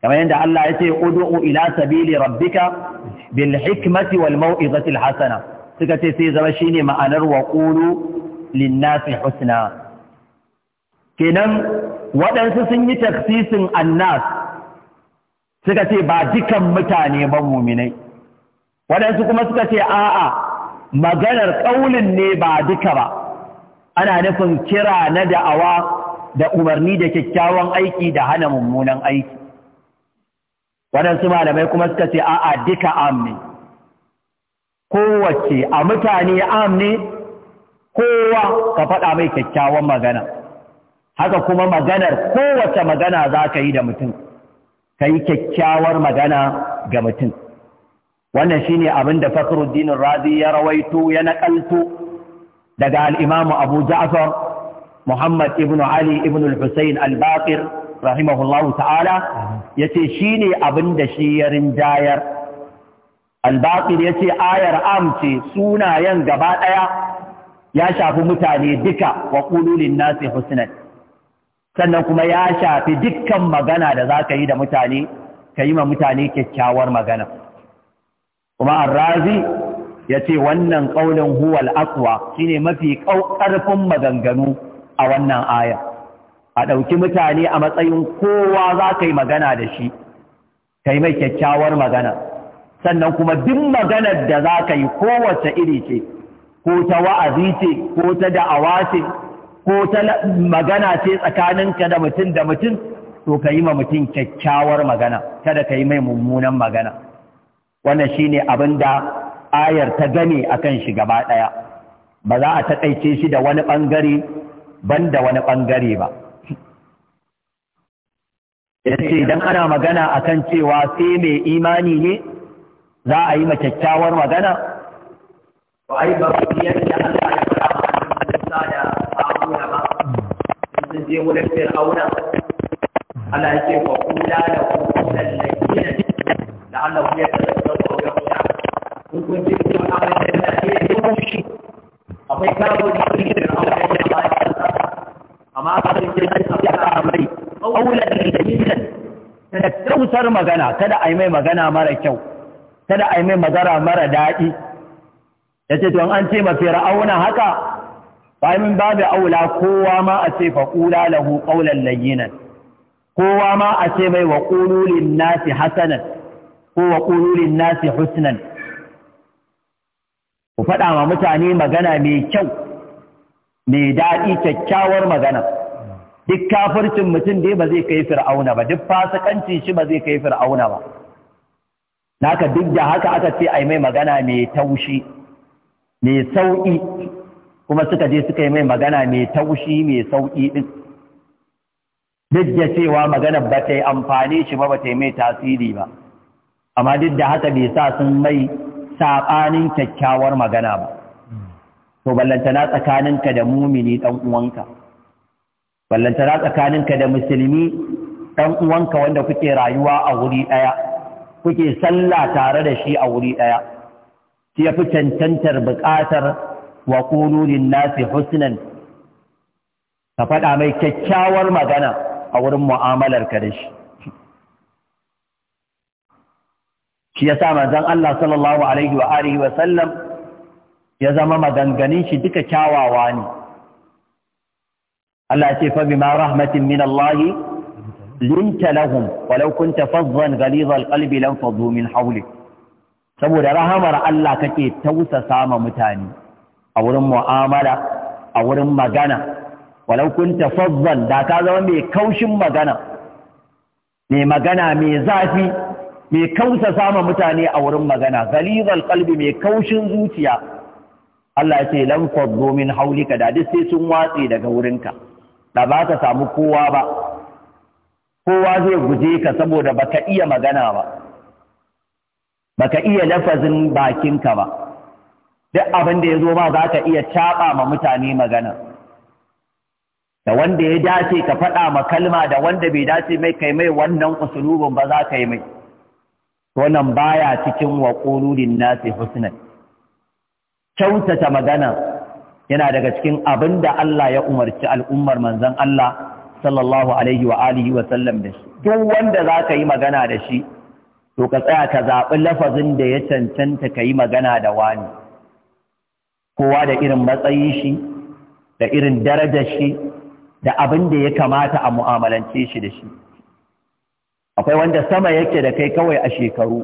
kamar yadda Allah ya ce ud'u ila sabili rabbika bil hikmati wal mau'izati al hasana suka ce sai zama shine ma'anar wa qulu lin nasi husna kenan waɗansu sun yi taksisin annas suka ce ba dukan mutane ba muminai waɗansu kuma suka ce a'a maganar ƙaunin ne ba duka ba ana nufin kira na da'awa da umarni da kyakkyawan aiki da hana mummunan aiki waɗansu malamai kuma suka ce a'a duka am ne kowace a mutane am ne kowa ka faɗa mai kyakkyawan magana haka kuma maganar kowace magana za ka yi da mutum ka yi kyakkyawar magana ga mutum wannan shine abin da Fakhruddin Razi ya rawaito ya nakalto daga al Abu Ja'far Muhammad ibn Ali ibn al-Husayn al-Baqir rahimahullahu ta'ala yace shine abin da shi ya rinjayar al-Baqir yace ayar amce sunayen gaba ɗaya ya shafi mutane duka wa ƙululin nasi husnan sannan kuma ya shafi dukkan magana da za ka yi da mutane ka yi ma mutane kyakkyawar magana kuma arrazi ya ce wannan ƙaunin huwal akwa shine mafi ƙarfin maganganu a wannan aya a ɗauki mutane a matsayin kowa za ka yi magana da shi ka yi mai kyakkyawar magana sannan kuma duk maganar da za ka yi kowace iri ce ko ta wa'azi ce ko ta da'awa ce ko ta magana ce tsakaninka da mutum da mutum to ka yi ma mutum kyakkyawar magana kada ka yi mai mummunan magana wannan ne abin da ayar ta gani a kan shi gaba ɗaya ba za a taƙaice shi da wani ɓangare ban da wani ɓangare ba yace idan ana magana a kan cewa sai mai imani ne za a yi ma kyakkyawar magana ai ba yadda Allah ya fara da Haruna ba sun je wurin Fir'auna Ana ce kula da ku لعله magana kada a yi mai magana mara kyau kada a yi mai magana mara daɗi ya ce tuwon an ce mafi ra'auna haka bayan babu aula kowa ma a ce faƙula lahu ƙaunar layinan kowa ma a ce mai wa nasi hasanan ko wa nasi husnan ku faɗa ma mutane magana mai kyau mai daɗi kyakkyawar magana duk kafircin mutum dai ba zai kai fir'auna ba duk fasikancin shi ba zai kai fir'auna ba naka duk da haka aka ce ai mai magana mai taushi mai sauƙi kuma suka je suka yi mai magana mai taushi mai sauƙi ɗin duk da cewa maganar ba ta yi amfani shi ba ba ta yi mai tasiri ba amma duk da haka bai sa sun mai saɓanin kyakkyawar magana ba to ballantana tsakaninka da mumini uwanka ballantana tsakaninka da musulmi ɗan uwanka wanda kuke rayuwa a wuri ɗaya kuke sallah tare da shi a wuri ɗaya shi ya fi cancantar buƙatar wa ƙulurin nasi husnan ka faɗa mai kyakkyawar magana a wurin mu'amalar ka da shi shi ya sa manzon Allah sallallahu alaihi ya zama maganganin shi duka kyawawa ne Allah ya ce fa bima rahmatin min Allah linta lahum walau kunta faddan ghalidha alqalbi lam faddu min saboda rahamar Allah kake tausasa ma mutane a wurin mu'amala a wurin magana walau kunta faddan da ka zama mai kaushin magana mai magana mai zafi mai kausa sama mutane a wurin magana galizal kalbi mai kaushin zuciya Allah ya ce lam domin min haulika da duk sai sun watse daga wurinka da ba ka samu kowa ba kowa zai guje ka saboda baka iya magana ba baka iya lafazin bakinka ba duk abin da ya zo ma za ka iya caɓa ma mutane magana da wanda ya dace ka faɗa ma kalma da wanda bai dace mai kai mai wannan usulubin ba za ka yi mai wannan baya cikin wa qululin nasi husnan kyautata magana yana daga cikin abin da Allah ya umarci al'ummar manzon Allah sallallahu alaihi wa alihi wa sallam da shi duk wanda zaka yi magana da shi to ka tsaya ka zaɓi lafazin da ya cancanta ka yi magana da wani kowa da irin matsayin shi da irin darajar shi da abin da ya kamata a mu'amalance shi da shi akwai wanda sama yake da kai kawai a shekaru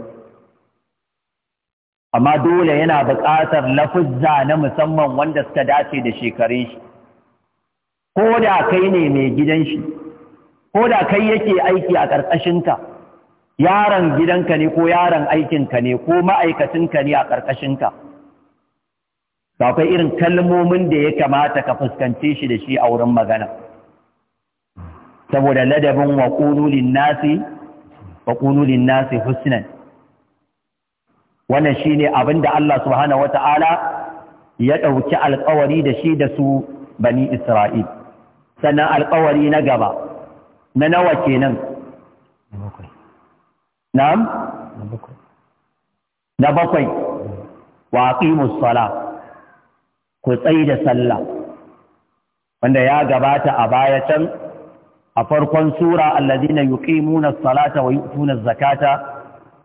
amma dole yana buƙatar lafuzza na musamman wanda suka dace da shekarun shi ko da kai ne mai gidan shi ko da kai yake aiki a ƙarƙashinka yaron gidanka ne ko yaron aikinka ne ko ma'aikacinka ne a ƙarƙashinka ba akwai irin kalmomin da ya kamata ka fuskance shi da shi a wurin magana saboda ladabin wa nasi wa qulu lin nasi husnan wannan shine abinda Allah subhanahu wataala ya ɗauki alƙawari da shi da su bani Isra'il sannan alƙawari na gaba na nawa kenan na bakwai waƙi musala, ku tsayi da sallah wanda ya gabata a baya can a farkon sura allazina yuqimuna as-salata wa yu'tuna az-zakata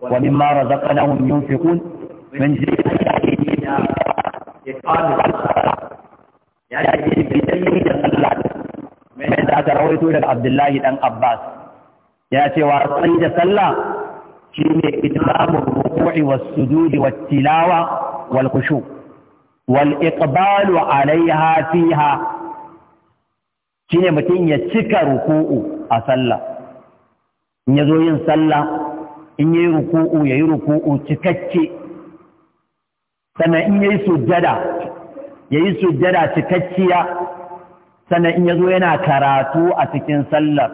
wa mimma razaqnahum yunfiqun min jihatiha ya ce sallah rawaito daga Abdullahi dan Abbas ya ce wa tsayi da sallah shine itmamu ruku'i was sujudi wat tilawa wal kushu. wal iqbalu alaiha fiha ne mutum ya cika ruku'u a sallah in ya zo yin sallah in yi ruku'u ya yi ruku'u cikakke sannan in ya yi sujjada yi sujjada cikakkiya sannan in ya zo yana karatu a cikin sallar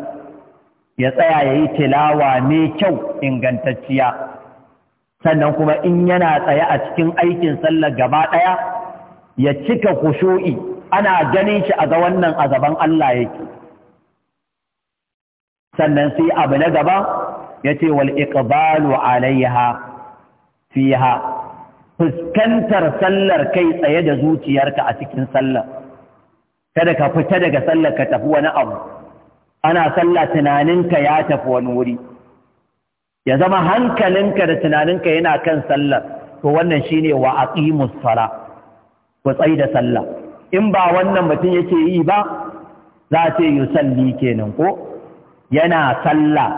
ya tsaya ya yi tilawa mai kyau ingantacciya sannan kuma in yana tsaye a cikin aikin sallar gaba ɗaya ya cika kushu'i ana ganin shi a ga wannan a gaban Allah yake sannan sai abu na gaba ya ce wal iqbalu alaiha fiha fuskantar sallar kai tsaye da zuciyarka a cikin sallar kada ka fita daga sallar ka tafi wani abu ana sallar tunaninka ya tafi wani wuri ya zama hankalinka da tunaninka yana kan sallar to wannan shine wa aqimus sala ku tsaye da sallah in ba wannan mutum yake yi ba za a ce yusalli kenan ko yana sallah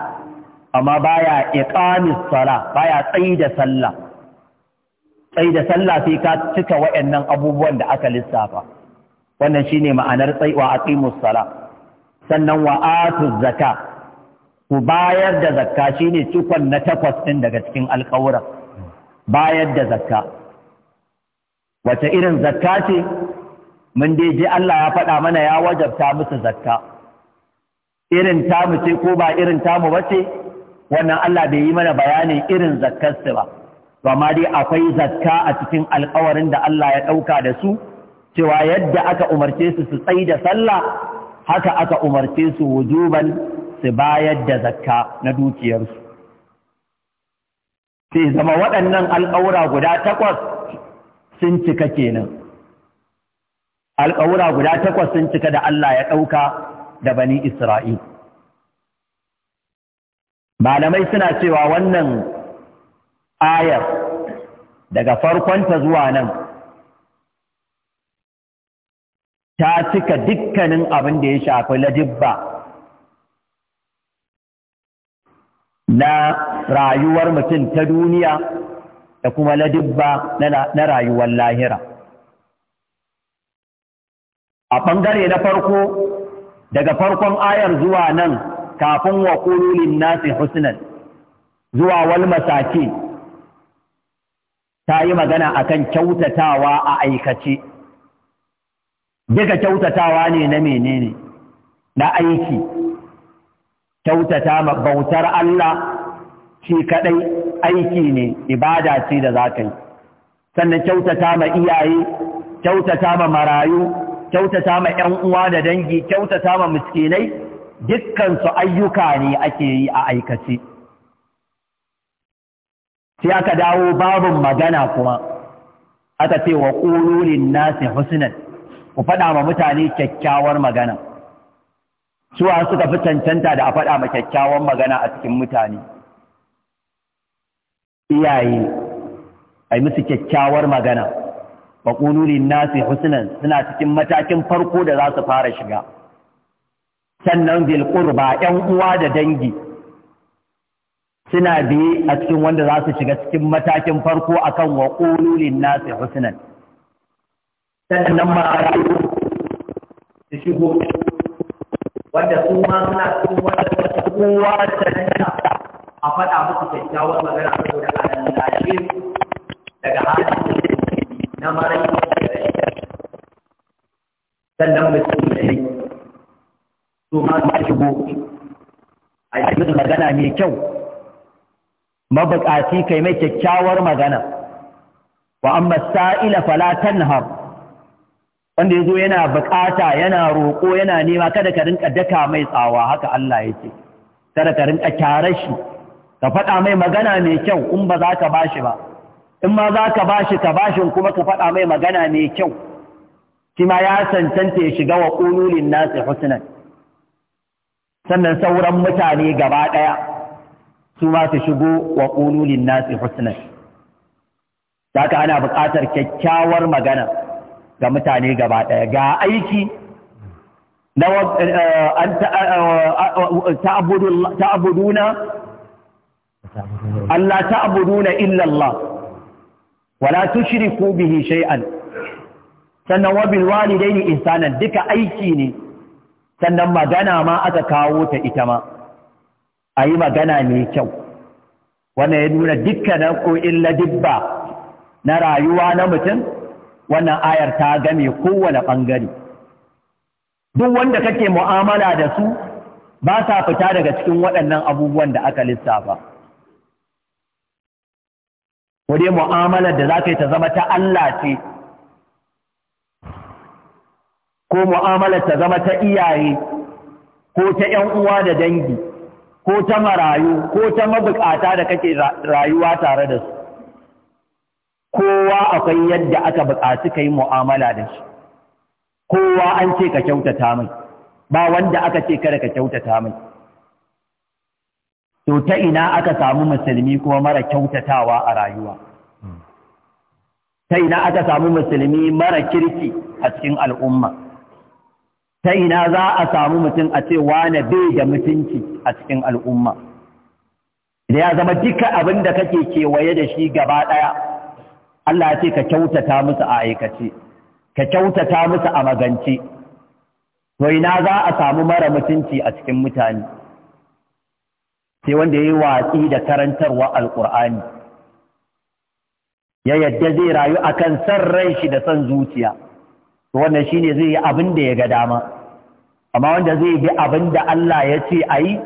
amma baya iqamis sala baya tsayi da sallah tsayi da sallah sai ka cika waɗannan abubuwan da aka lissafa wannan shine ma'anar tsayi wa aqimus sala sannan wa atuz ku bayar da zakka shine cikon na takwas ɗin daga cikin alƙawura bayar da zakka wace irin zakka ce mun dai ji Allah ya faɗa mana ya wajabta musu zakka irin tamu ce ko ba irin tamu ba ce wannan Allah bai yi mana bayanin irin su ba to amma dai akwai zakka a cikin alƙawarin da Allah ya ɗauka da su cewa yadda aka umarce su su tsayi da sallah haka aka umarce su wujuban su bayar da zakka na dukiyarsu sai zama waɗannan alƙawura guda takwas sun cika kenan alƙawura guda takwas sun cika da Allah ya ɗauka da bani Isra'il. Malamai suna cewa wannan ayar daga farkonta zuwa nan ta cika dukkanin abin da ya shafi ladibba na rayuwar mutum ta duniya da kuma ladibba na rayuwar lahira. a ɓangare na farko daga farkon ayar zuwa nan kafin wa ƙululin nasi husnan zuwa wal masaki ta yi magana akan kyautatawa a aikace duka kyautatawa ne na menene na aiki kyautata bautar Allah shi kaɗai aiki ne ibada ce da za ka yi sannan kyautata ma iyaye kyautata ma marayu kyautata ma ‘yan uwa da dangi, kyautata ma miskinai, dukkansu ayyuka ne ake yi a aikace. Sai aka dawo babin magana kuma, aka ce wa ƙulurin nasi husnan, ku faɗa ma mutane kyakkyawar magana. Suwa suka fi cancanta da a faɗa ma kyakkyawar magana a cikin mutane. Iyaye, ai musu kyakkyawar magana. fa qulu lin nasi husnan suna cikin matakin farko da za su fara shiga sannan bil qurba 'yan uwa da dangi suna biye a cikin wanda za su shiga cikin matakin farko akan wa qulu lin nasi husnan sannan ma'arayu su shigo wanda su ma suna cikin wanda uwa ta nuna a faɗa musu kyakkyawar magana saboda a nan daga hali. na sannan ba su ne su ma su shigo a magana mai kyau mabukaci kai mai kyakkyawar magana wa amma sa'ila fala tanhar wanda yazo yana bukata yana roƙo, yana nema kada ka rinka daka mai tsawa haka Allah yake kada ka rinka kyare shi ka faɗa mai magana mai kyau in ba za ka bashi ba in ma za ka shi ka bashin kuma ka faɗa mai magana mai kyau shi ma ya cancanta ya shiga wa ƙunulin nasi husnan sannan sauran mutane gaba ɗaya su ma su shigo wa ƙunulin nasi husnan za ka ana buƙatar kyakkyawar magana ga mutane gaba ɗaya ga aiki na eh, ta'abuduna eh, eh, Allah ta'abuduna illallah wala tushriku bihi shay'an sannan wabil walidaini ihsanan duka aiki ne sannan magana ma aka kawo ta ita ma ayi magana ne kyau wannan ya nuna dukkanin ko illa dibba na rayuwa na mutum wannan ayar ta game kowane bangare duk wanda kake mu'amala da su ba sa fita daga cikin waɗannan abubuwan da aka lissafa mu mu'amalar da za ka yi ta zama ta Allah ce ko mu'amalar ta zama ta iyaye ko ta ‘yan uwa da dangi ko ta marayu ko ta mabukata da kake rayuwa tare da su kowa akwai yadda aka bukaci ka yi mu'amala da shi kowa an ce ka kyautata mai ba wanda aka ce kada ka kyautata mai to ta ina aka samu musulmi kuma mara kyautatawa a rayuwa ta ina aka samu musulmi mara kirki a cikin al'umma ta ina za a samu mutum a ce wane bai da mutunci a cikin al'umma da ya zama duka abin da kake kewaye da shi gaba ɗaya Allah ce ka kyautata musu a aikace ka kyautata musu a magance to ina za a samu mara mutunci a cikin mutane sai wanda ya yi watsi da karantarwa alƙur'ani ya yadda zai rayu a kan san ran shi da san zuciya wannan shi ne zai yi abin da ya ga dama amma wanda zai bi abin da Allah ya ce a yi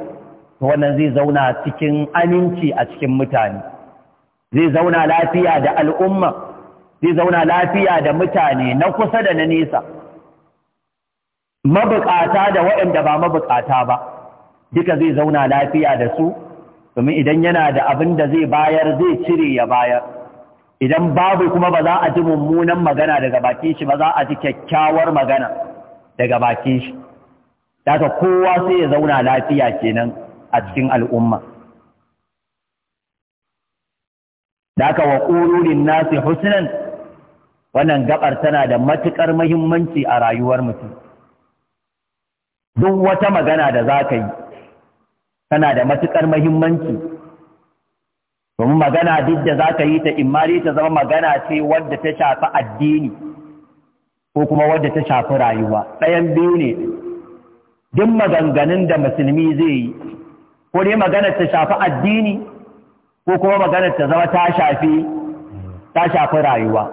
wannan zai zauna cikin aminci a cikin mutane zai zauna lafiya da al'umma zai zauna lafiya da mutane na kusa da na nesa mabukata da waɗanda ba mabukata ba duka zai zauna lafiya da su domin idan yana da abin da zai bayar zai cire ya bayar idan babu kuma ba za a ji mummunan magana daga bakin shi ba za a ji kyakkyawar magana daga bakin shi daga kowa sai ya zauna lafiya kenan a cikin al'umma daga wa ƙulurin nasi husnan wannan gabar tana da matuƙar mahimmanci a rayuwar mutum duk wata magana da za ka yi tana da matuƙar mahimmanci domin magana duk da za ka yi ta imari ta zama magana ce wadda ta shafi addini ko kuma wadda ta shafi rayuwa ɗayan biyu ne duk maganganun da musulmi zai yi ko dai maganar ta shafi addini ko kuma maganar ta zama ta shafi ta shafi rayuwa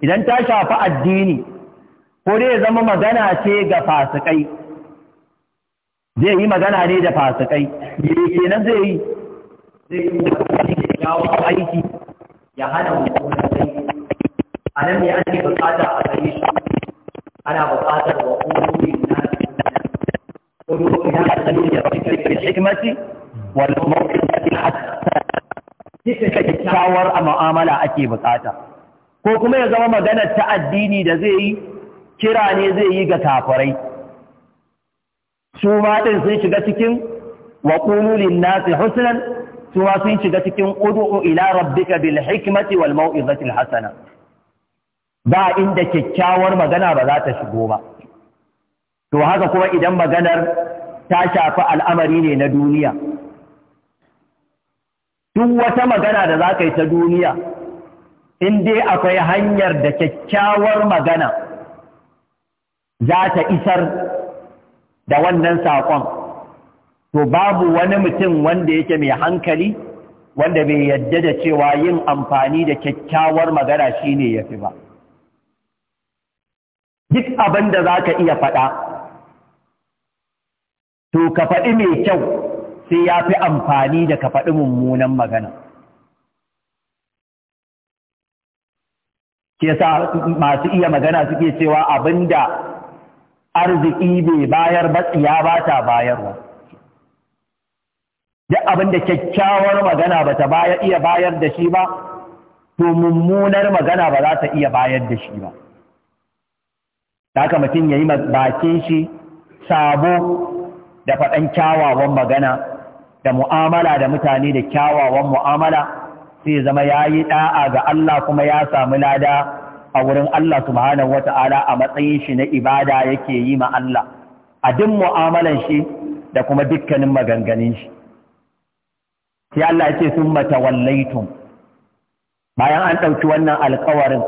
idan ta shafi addini ko dai zama magana ce ga fasikai zai yi magana ne da fasikai me kenan zai yi zai yi kawo aiki ya hana mutum a nan ne ake bukata a gare shi ana bukatar wa ƙungiyoyi na ƙungiyoyi na ƙasar da suke da hikimati wanda mafi da hatta cikin kyakkyawar a mu'amala ake bukata ko kuma ya zama maganar ta addini da zai yi kira ne zai yi ga kafirai su ma ɗin sun shiga cikin wa ƙunulin nasi husnan su ma sun shiga cikin ƙudu'u ila rabbika bil hikmati wal mau'izatil hasana ba inda kyakkyawar magana ba za ta shigo ba to haka kuma idan maganar ta shafi al'amari ne na duniya duk wata magana da za ka yi ta duniya in dai akwai hanyar da kyakkyawar magana za ta isar da wannan saƙon to babu wani mutum wanda yake mai hankali wanda bai yadda da cewa yin amfani da kyakkyawar magana shine yafi ba duk abin da za ka iya faɗa to ka faɗi mai kyau sai ya fi amfani da ka faɗi mummunan magana ke sa masu iya magana suke cewa abin da arziki bai bayar ba tsiya ba ta bayarwa duk abin da kyakkyawar magana ba ta iya bayar da shi ba to mummunar magana ba za ta iya bayar da shi ba haka mutum ya yi bakin shi sabo da faɗan kyawawan magana da mu'amala da mutane da kyawawan mu'amala sai zama ya yi ɗa'a ga Allah kuma ya samu lada a wurin Allah subhanahu wata'ala a matsayin shi na ibada yake yi ma Allah a duk mu'amalan shi da kuma dukkanin maganganun shi sai Allah yake sun tawallaitum bayan an ɗauki wannan alƙawarin,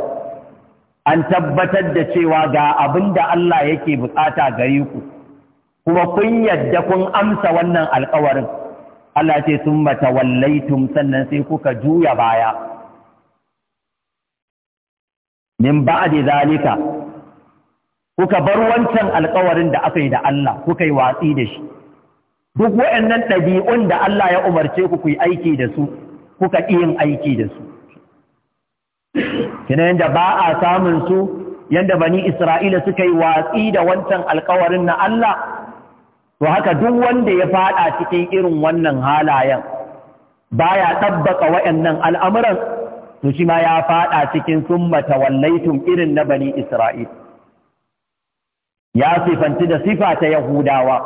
an tabbatar da cewa ga abin da Allah yake bukata gare ku kuma kun yadda kun amsa wannan alƙawarin, Allah ce sun tawallaitum sannan sai kuka juya baya min ba'di zalika kuka bar wancan alƙawarin da aka yi da Allah kuka yi watsi da shi duk waɗannan ɗabi'un da Allah ya umarce ku ku yi aiki da su kuka ƙi yin aiki da su kina yanda ba a samun su yanda bani Isra'ila suka yi watsi da wancan alƙawarin na Allah to haka duk wanda ya faɗa cikin irin wannan halayen baya tabbaka waɗannan al'amuran to shi ma ya faɗa cikin summa wallaitun irin na bani Isra'il ya sifanci da sifa ta Yahudawa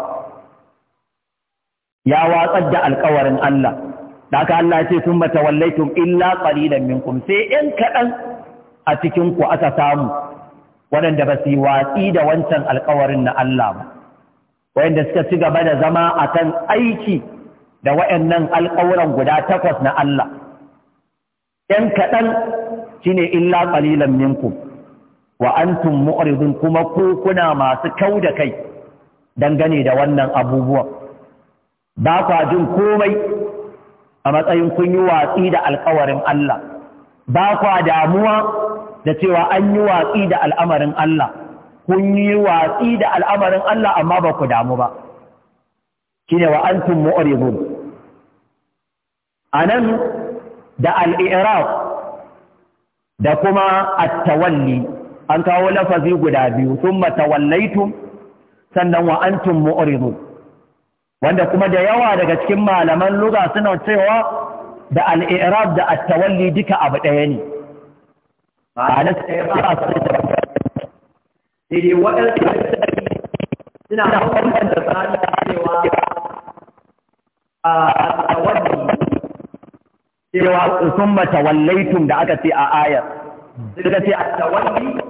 ya watsar da alkawarin Allah da aka Allah ce summa tawallaitum illa qalilan minkum sai in kaɗan a cikin ku aka samu waɗanda ba su yi watsi da wancan alkawarin na Allah ba waɗanda suka ci gaba da zama akan aiki da waɗannan alkawuran guda takwas na Allah ‘yan kaɗan shi ne illa ƙalilan minku wa antum kuma ku kuna masu kau da kai dangane da wannan abubuwan ba kwa jin komai a matsayin kun yi watsi da alkawarin Allah ba kwa damuwa da cewa an yi watsi da al'amarin Allah kun yi watsi da al'amarin Allah amma ba ku damu ba shi ne wa tun a nan da al'iraf da kuma attawalli an kawo lafazi guda biyu sun matawallaitu sannan wa antum mu'ridu wanda kuma da yawa daga cikin malaman luga suna cewa da al'iraf da attawalli duka abu ɗaya ne suna da cewa a wadda cewa sun mata wallaitun da aka ce a ayar suka ce a tawalli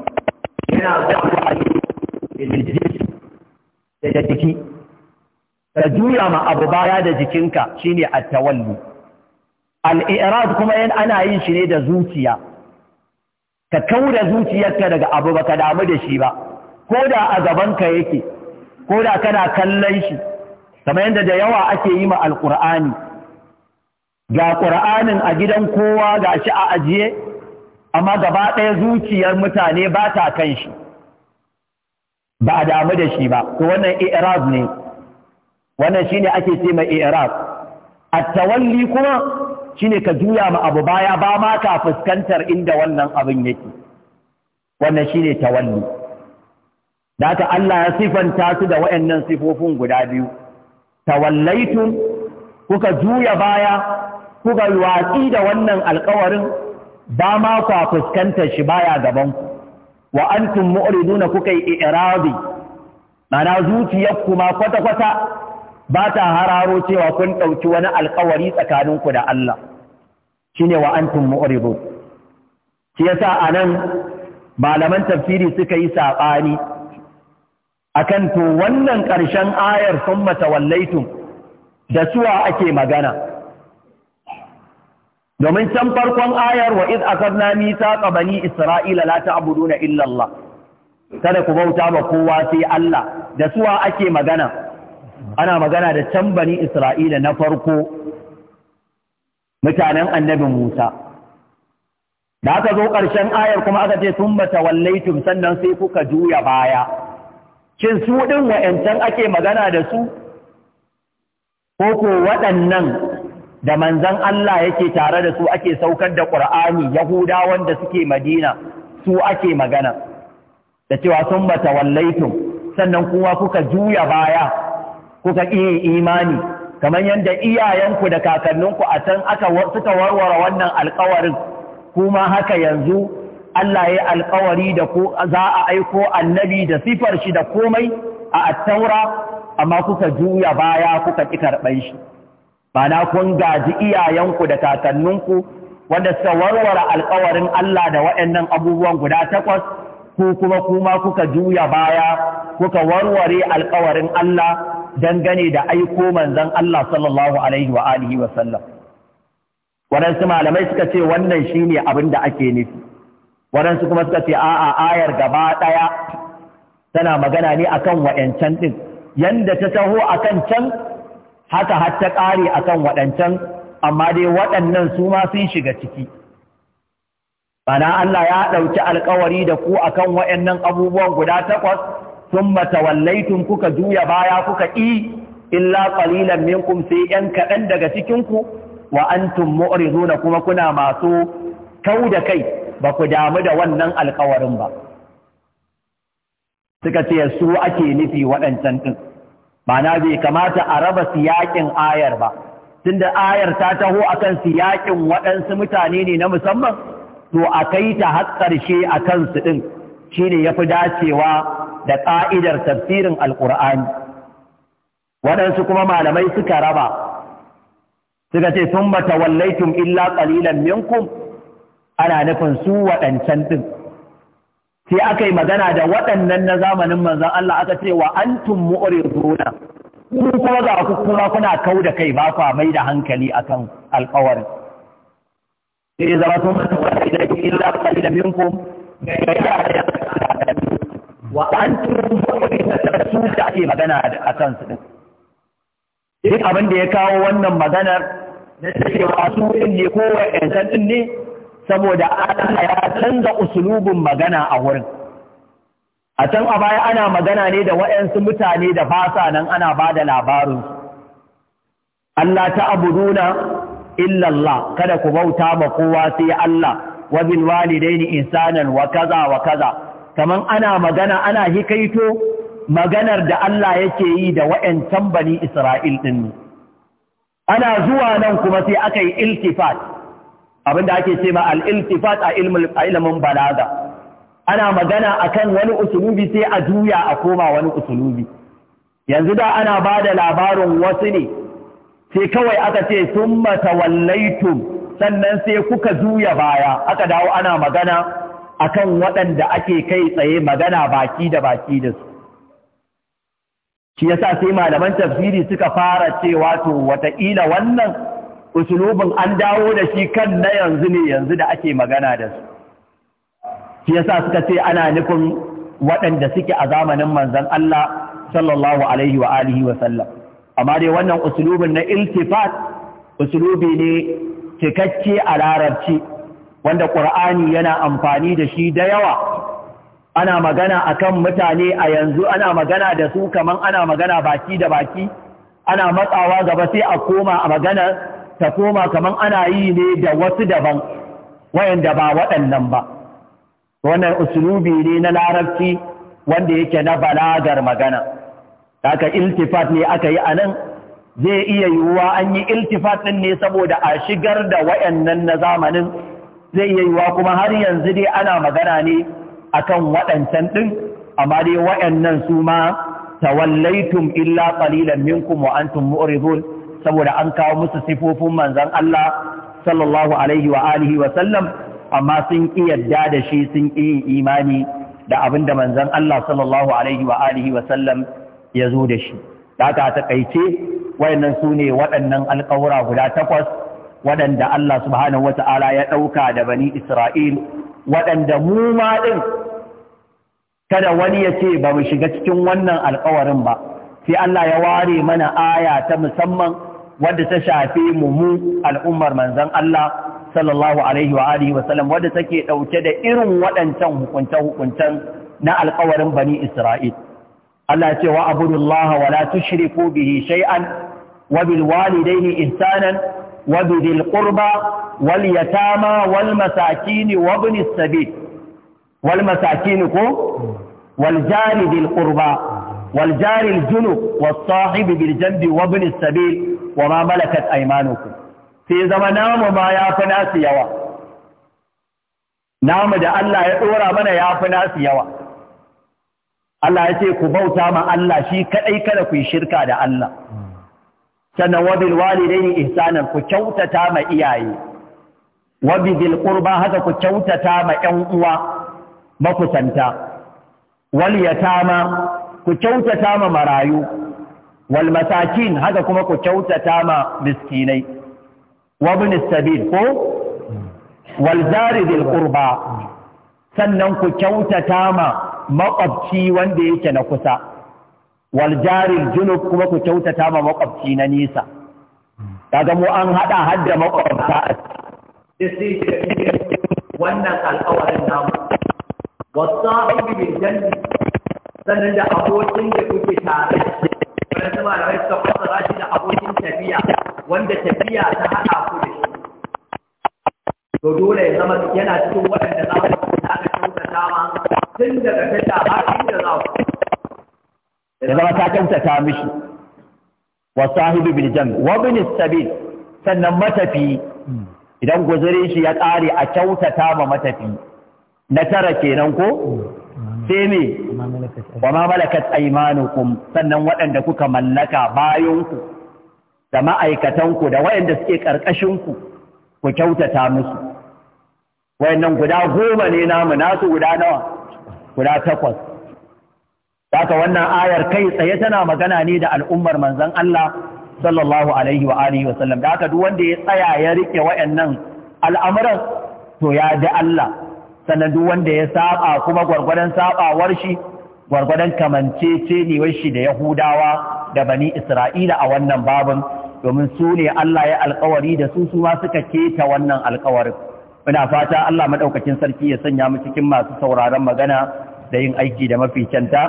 yana zuwa a da jiki ka juya ma abu baya da jikinka shine a tawalli al'iraz kuma yan ana yin shi ne da zuciya ka kauda zuciyarka daga abu ba ka damu da shi ba ko da a gabanka yake ko da kana kallon shi kamar yadda da yawa ake yi ma alƙur'ani ga ƙur'anin a gidan kowa ga shi a ajiye amma gaba ɗaya zuciyar mutane ba ta kan shi ba a damu da shi ba to wannan i'rab ne wannan shi ne ake ce mai i'rab A tawalli kuma shi ne ka juya ma abu baya ba ma ka fuskantar inda wannan abin yake wannan shi ne tawalli da ta Allah ya sifanta su da waɗannan sifofin guda biyu tawallaitun kuka juya baya Ku ga watsi da wannan alkawarin ba ma kwa fuskantar shi baya gaban ku wa antum mu'riduna kuka yi i'rabi mana zuciyarku ma kwata-kwata ba ta hararo cewa kun ɗauki wani alkawari tsakaninku da Allah shine wa antum mu'ridun shi yasa anan malaman tafsiri suka yi saɓani akan to wannan ƙarshen ayar sun wallaitun. da suwa ake magana domin can farkon ayar wa iz akadna mithaqa bani isra'ila la ta'buduna illa Allah kada ku bauta ba kowa sai Allah da suwa ake magana ana magana da can bani isra'ila na farko mutanen annabi Musa da aka zo ƙarshen ayar kuma aka ce sun mata wallaitum sannan sai kuka juya baya shin su ɗin wa'yancan ake magana da su ko ko waɗannan da manzan Allah yake tare da su ake saukar da ƙur'ani Yahuda, wanda suke madina su ake magana da cewa sun bata wallaitum sannan kuma kuka juya baya kuka iya imani kamar yadda iyayenku da kakanninku a can suka warware wannan alƙawarin, kuma haka yanzu Allah ya yi alƙawari da ku za a aiko annabi da sifar shi da komai a attaura amma kuka juya baya kuka ƙi karɓar shi Bana kun gaji iyayenku da kakanninku wanda suka warware alkawarin Allah da waɗannan abubuwan guda takwas ku kuma kuma kuka juya baya kuka warware alkawarin Allah dangane da aiko manzon Allah sallallahu alaihi wa alihi wa sallam waɗansu malamai suka ce wannan shi ne abin da ake nufi waɗansu kuma suka ce a'a ayar gaba ɗaya tana magana ne akan wa'yancan ɗin Yadda ta taho akan can haka har ta ƙare akan waɗancan amma dai waɗannan su ma sun shiga ciki bana Allah ya ɗauki alkawari da ku akan waɗannan abubuwan guda takwas sun matawallaitun kuka juya baya kuka ƙi illa ƙalilan minkum sai ‘yan kaɗan daga cikinku wa an mu'rizuna kuma kuna masu kau da kai ba ku damu da wannan alkawarin ba suka ce su ake nufi waɗancan ɗin ma'ana bai kamata a raba siyakin ayar ba tunda ayar ta taho akan siyakin waɗansu mutane ne na musamman to a kai ta har ƙarshe a kansu ɗin shine yafi dacewa da ƙa'idar tafsirin alƙur'ani waɗansu kuma malamai suka raba suka ce sun mata wallaitum illa ƙalilan minkum ana nufin su waɗancan ɗin sai aka yi magana da waɗannan na zamanin manzan Allah aka ce wa antum mu'riduna ku kuma ga ku kuma kuna kau da kai ba ku mai da hankali akan alƙawarin sai zama sun mata wa da ya illa qalila minkum wa antum da su da ake magana akan su din duk abin da ya kawo wannan maganar na cewa su ne ko wa'ansan din ne saboda Allah ya canza usulubin magana a wurin a can a baya ana magana ne da waɗansu mutane da fasa nan ana ba da labarin Allah ta abuduna illallah kada ku bauta ma kowa sai Allah wa bil walidaini insanan wa kaza wa kaza kaman ana magana ana hikaito maganar da Allah yake yi da waɗancan bani Isra'il din ana zuwa nan kuma sai aka yi iltifat abinda ake ce ma al-iltifat a ilmin balaga ana magana akan wani usulubi sai a juya a koma wani usulubi yanzu da ana ba da labarin wasu ne sai kawai aka ce sun wallaitun sannan sai kuka juya baya aka dawo ana magana akan waɗanda ake kai tsaye magana baki da baki da su shi yasa sai malaman tafsiri suka fara cewa to wataƙila wannan usulubin an dawo da shi kan na yanzu ne yanzu da ake magana da su shi yasa suka ce ana nufin waɗanda suke a zamanin manzon Allah sallallahu alaihi wa alihi wa sallam amma dai wannan usulubin na iltifat usulubi ne cikakke a larabci wanda ƙur'ani yana amfani da shi da yawa ana magana a kan mutane a yanzu ana magana da su kaman ana magana baki da baki ana matsawa gaba sai a koma a magana ta koma kamar ana yi ne da wasu daban wayanda ba waɗannan ba wannan usulubi ne na larabci wanda yake na balagar magana haka iltifat ne aka yi anan zai iya yiwuwa an yi iltifat ɗin ne saboda a shigar da wayannan na zamanin zai iya yiwuwa kuma har yanzu dai ana magana ne akan waɗancan ɗin amma dai wayannan su ma tawallaitum illa qalilan minkum wa antum mu'ridun saboda an kawo musu sifofin manzan Allah sallallahu alaihi wa alihi wa sallam amma sun ki yadda da shi sun ki imani da abin da manzan Allah sallallahu alaihi wa alihi wa sallam ya zo da shi da ta takaice wayannan su ne waɗannan alƙawura guda takwas waɗanda Allah subhanahu wa ta'ala ya ɗauka da bani Isra'il waɗanda mu ma ɗin kada wani ya ce ba mu shiga cikin wannan alƙawarin ba sai Allah ya ware mana aya ta musamman wadda ta shafe mu mu al'ummar manzon Allah sallallahu alaihi wadda take ɗauke da irin waɗancan hukunce-hukuncen na alƙawarin bani Isra'il. Allah ce wa abudullaha wa la tushriku bihi shay'an wa bil walidaini ihsanan wa bil qurba wal yatama wal masakin wa ibn as-sabil wal masakin ko wal jari bil qurba wal jari al junub was sahib bil janbi wa ibn as-sabil wa ma malakat aymanukum sai zama namu ma ya fi nasu yawa namu da Allah ya dora mana ya fi nasu yawa Allah ya ce ku bauta ma Allah shi kadai kada ku yi shirka da Allah sannan wa bil walidaini ihsanan ku kyautata ma iyaye wa bil qurba haka ku kyautata ma ƴan uwa makusanta wal yatama ku kyautata ma marayu wal masakin haka kuma ku kyautata ma miskinai wa ibn sabil ko wal zari sannan ku kyautata ma makwabci wanda yake na kusa wal jari kuma ku kyautata ma makwabci na an hada hadda makwabta wannan alƙawarin namu wasu sahibi bil janna sannan da abokin da kuke tare waɗansu malamai suka fassara shi da abokin tafiya wanda tafiya ta haɗa ku da shi to dole ya zama yana cikin waɗanda za su ta da kyautata ma tun daga tasha har da za su. ya zama ta kyautata mishi wa sahibi bil jam wa bin sabil sannan matafi idan guzurin shi ya ƙare a kyautata ma matafi na tara kenan ko sai ne wa ma malakat aymanukum sannan waɗanda kuka mallaka bayanku da ma'aikatanku da waɗanda suke ƙarƙashinku ku kyautata musu waɗannan guda goma ne namu nasu guda nawa guda takwas Saka wannan ayar kai tsaye tana magana ne da al'ummar manzon Allah sallallahu alaihi wa alihi wa sallam da haka duk wanda ya tsaya ya rike waɗannan al'amuran to ya da Allah sannan duk wanda ya saba kuma gwargwadon sabawar shi gwargwadon kamancecenewar shi da yahudawa da bani isra'ila a wannan babin domin su ne Allah ya alkawari da su su ma suka keta wannan alkawarin muna fata Allah madaukakin sarki ya sanya mu cikin masu sauraron magana da yin aiki da mafi canta.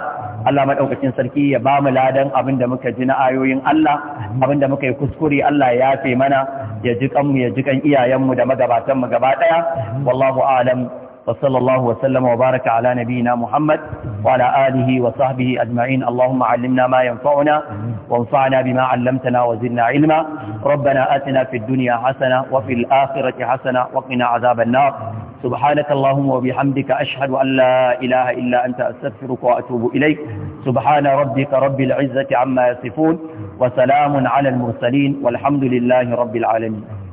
Allah madaukakin sarki ya ba mu ladan abin da muka ji na ayoyin Allah abin da muka yi kuskure Allah ya yafe mana ya ji kanmu ya ji kan iyayenmu da magabatan mu gaba daya wallahu a'lam وصلى الله وسلم وبارك على نبينا محمد وعلى آله وصحبه أجمعين اللهم علمنا ما ينفعنا وانفعنا بما علمتنا وزدنا علما ربنا آتنا في الدنيا حسنة وفي الآخرة حسنة وقنا عذاب النار سبحانك اللهم وبحمدك أشهد أن لا إله إلا أنت أستغفرك وأتوب إليك سبحان ربك رب العزة عما يصفون وسلام على المرسلين والحمد لله رب العالمين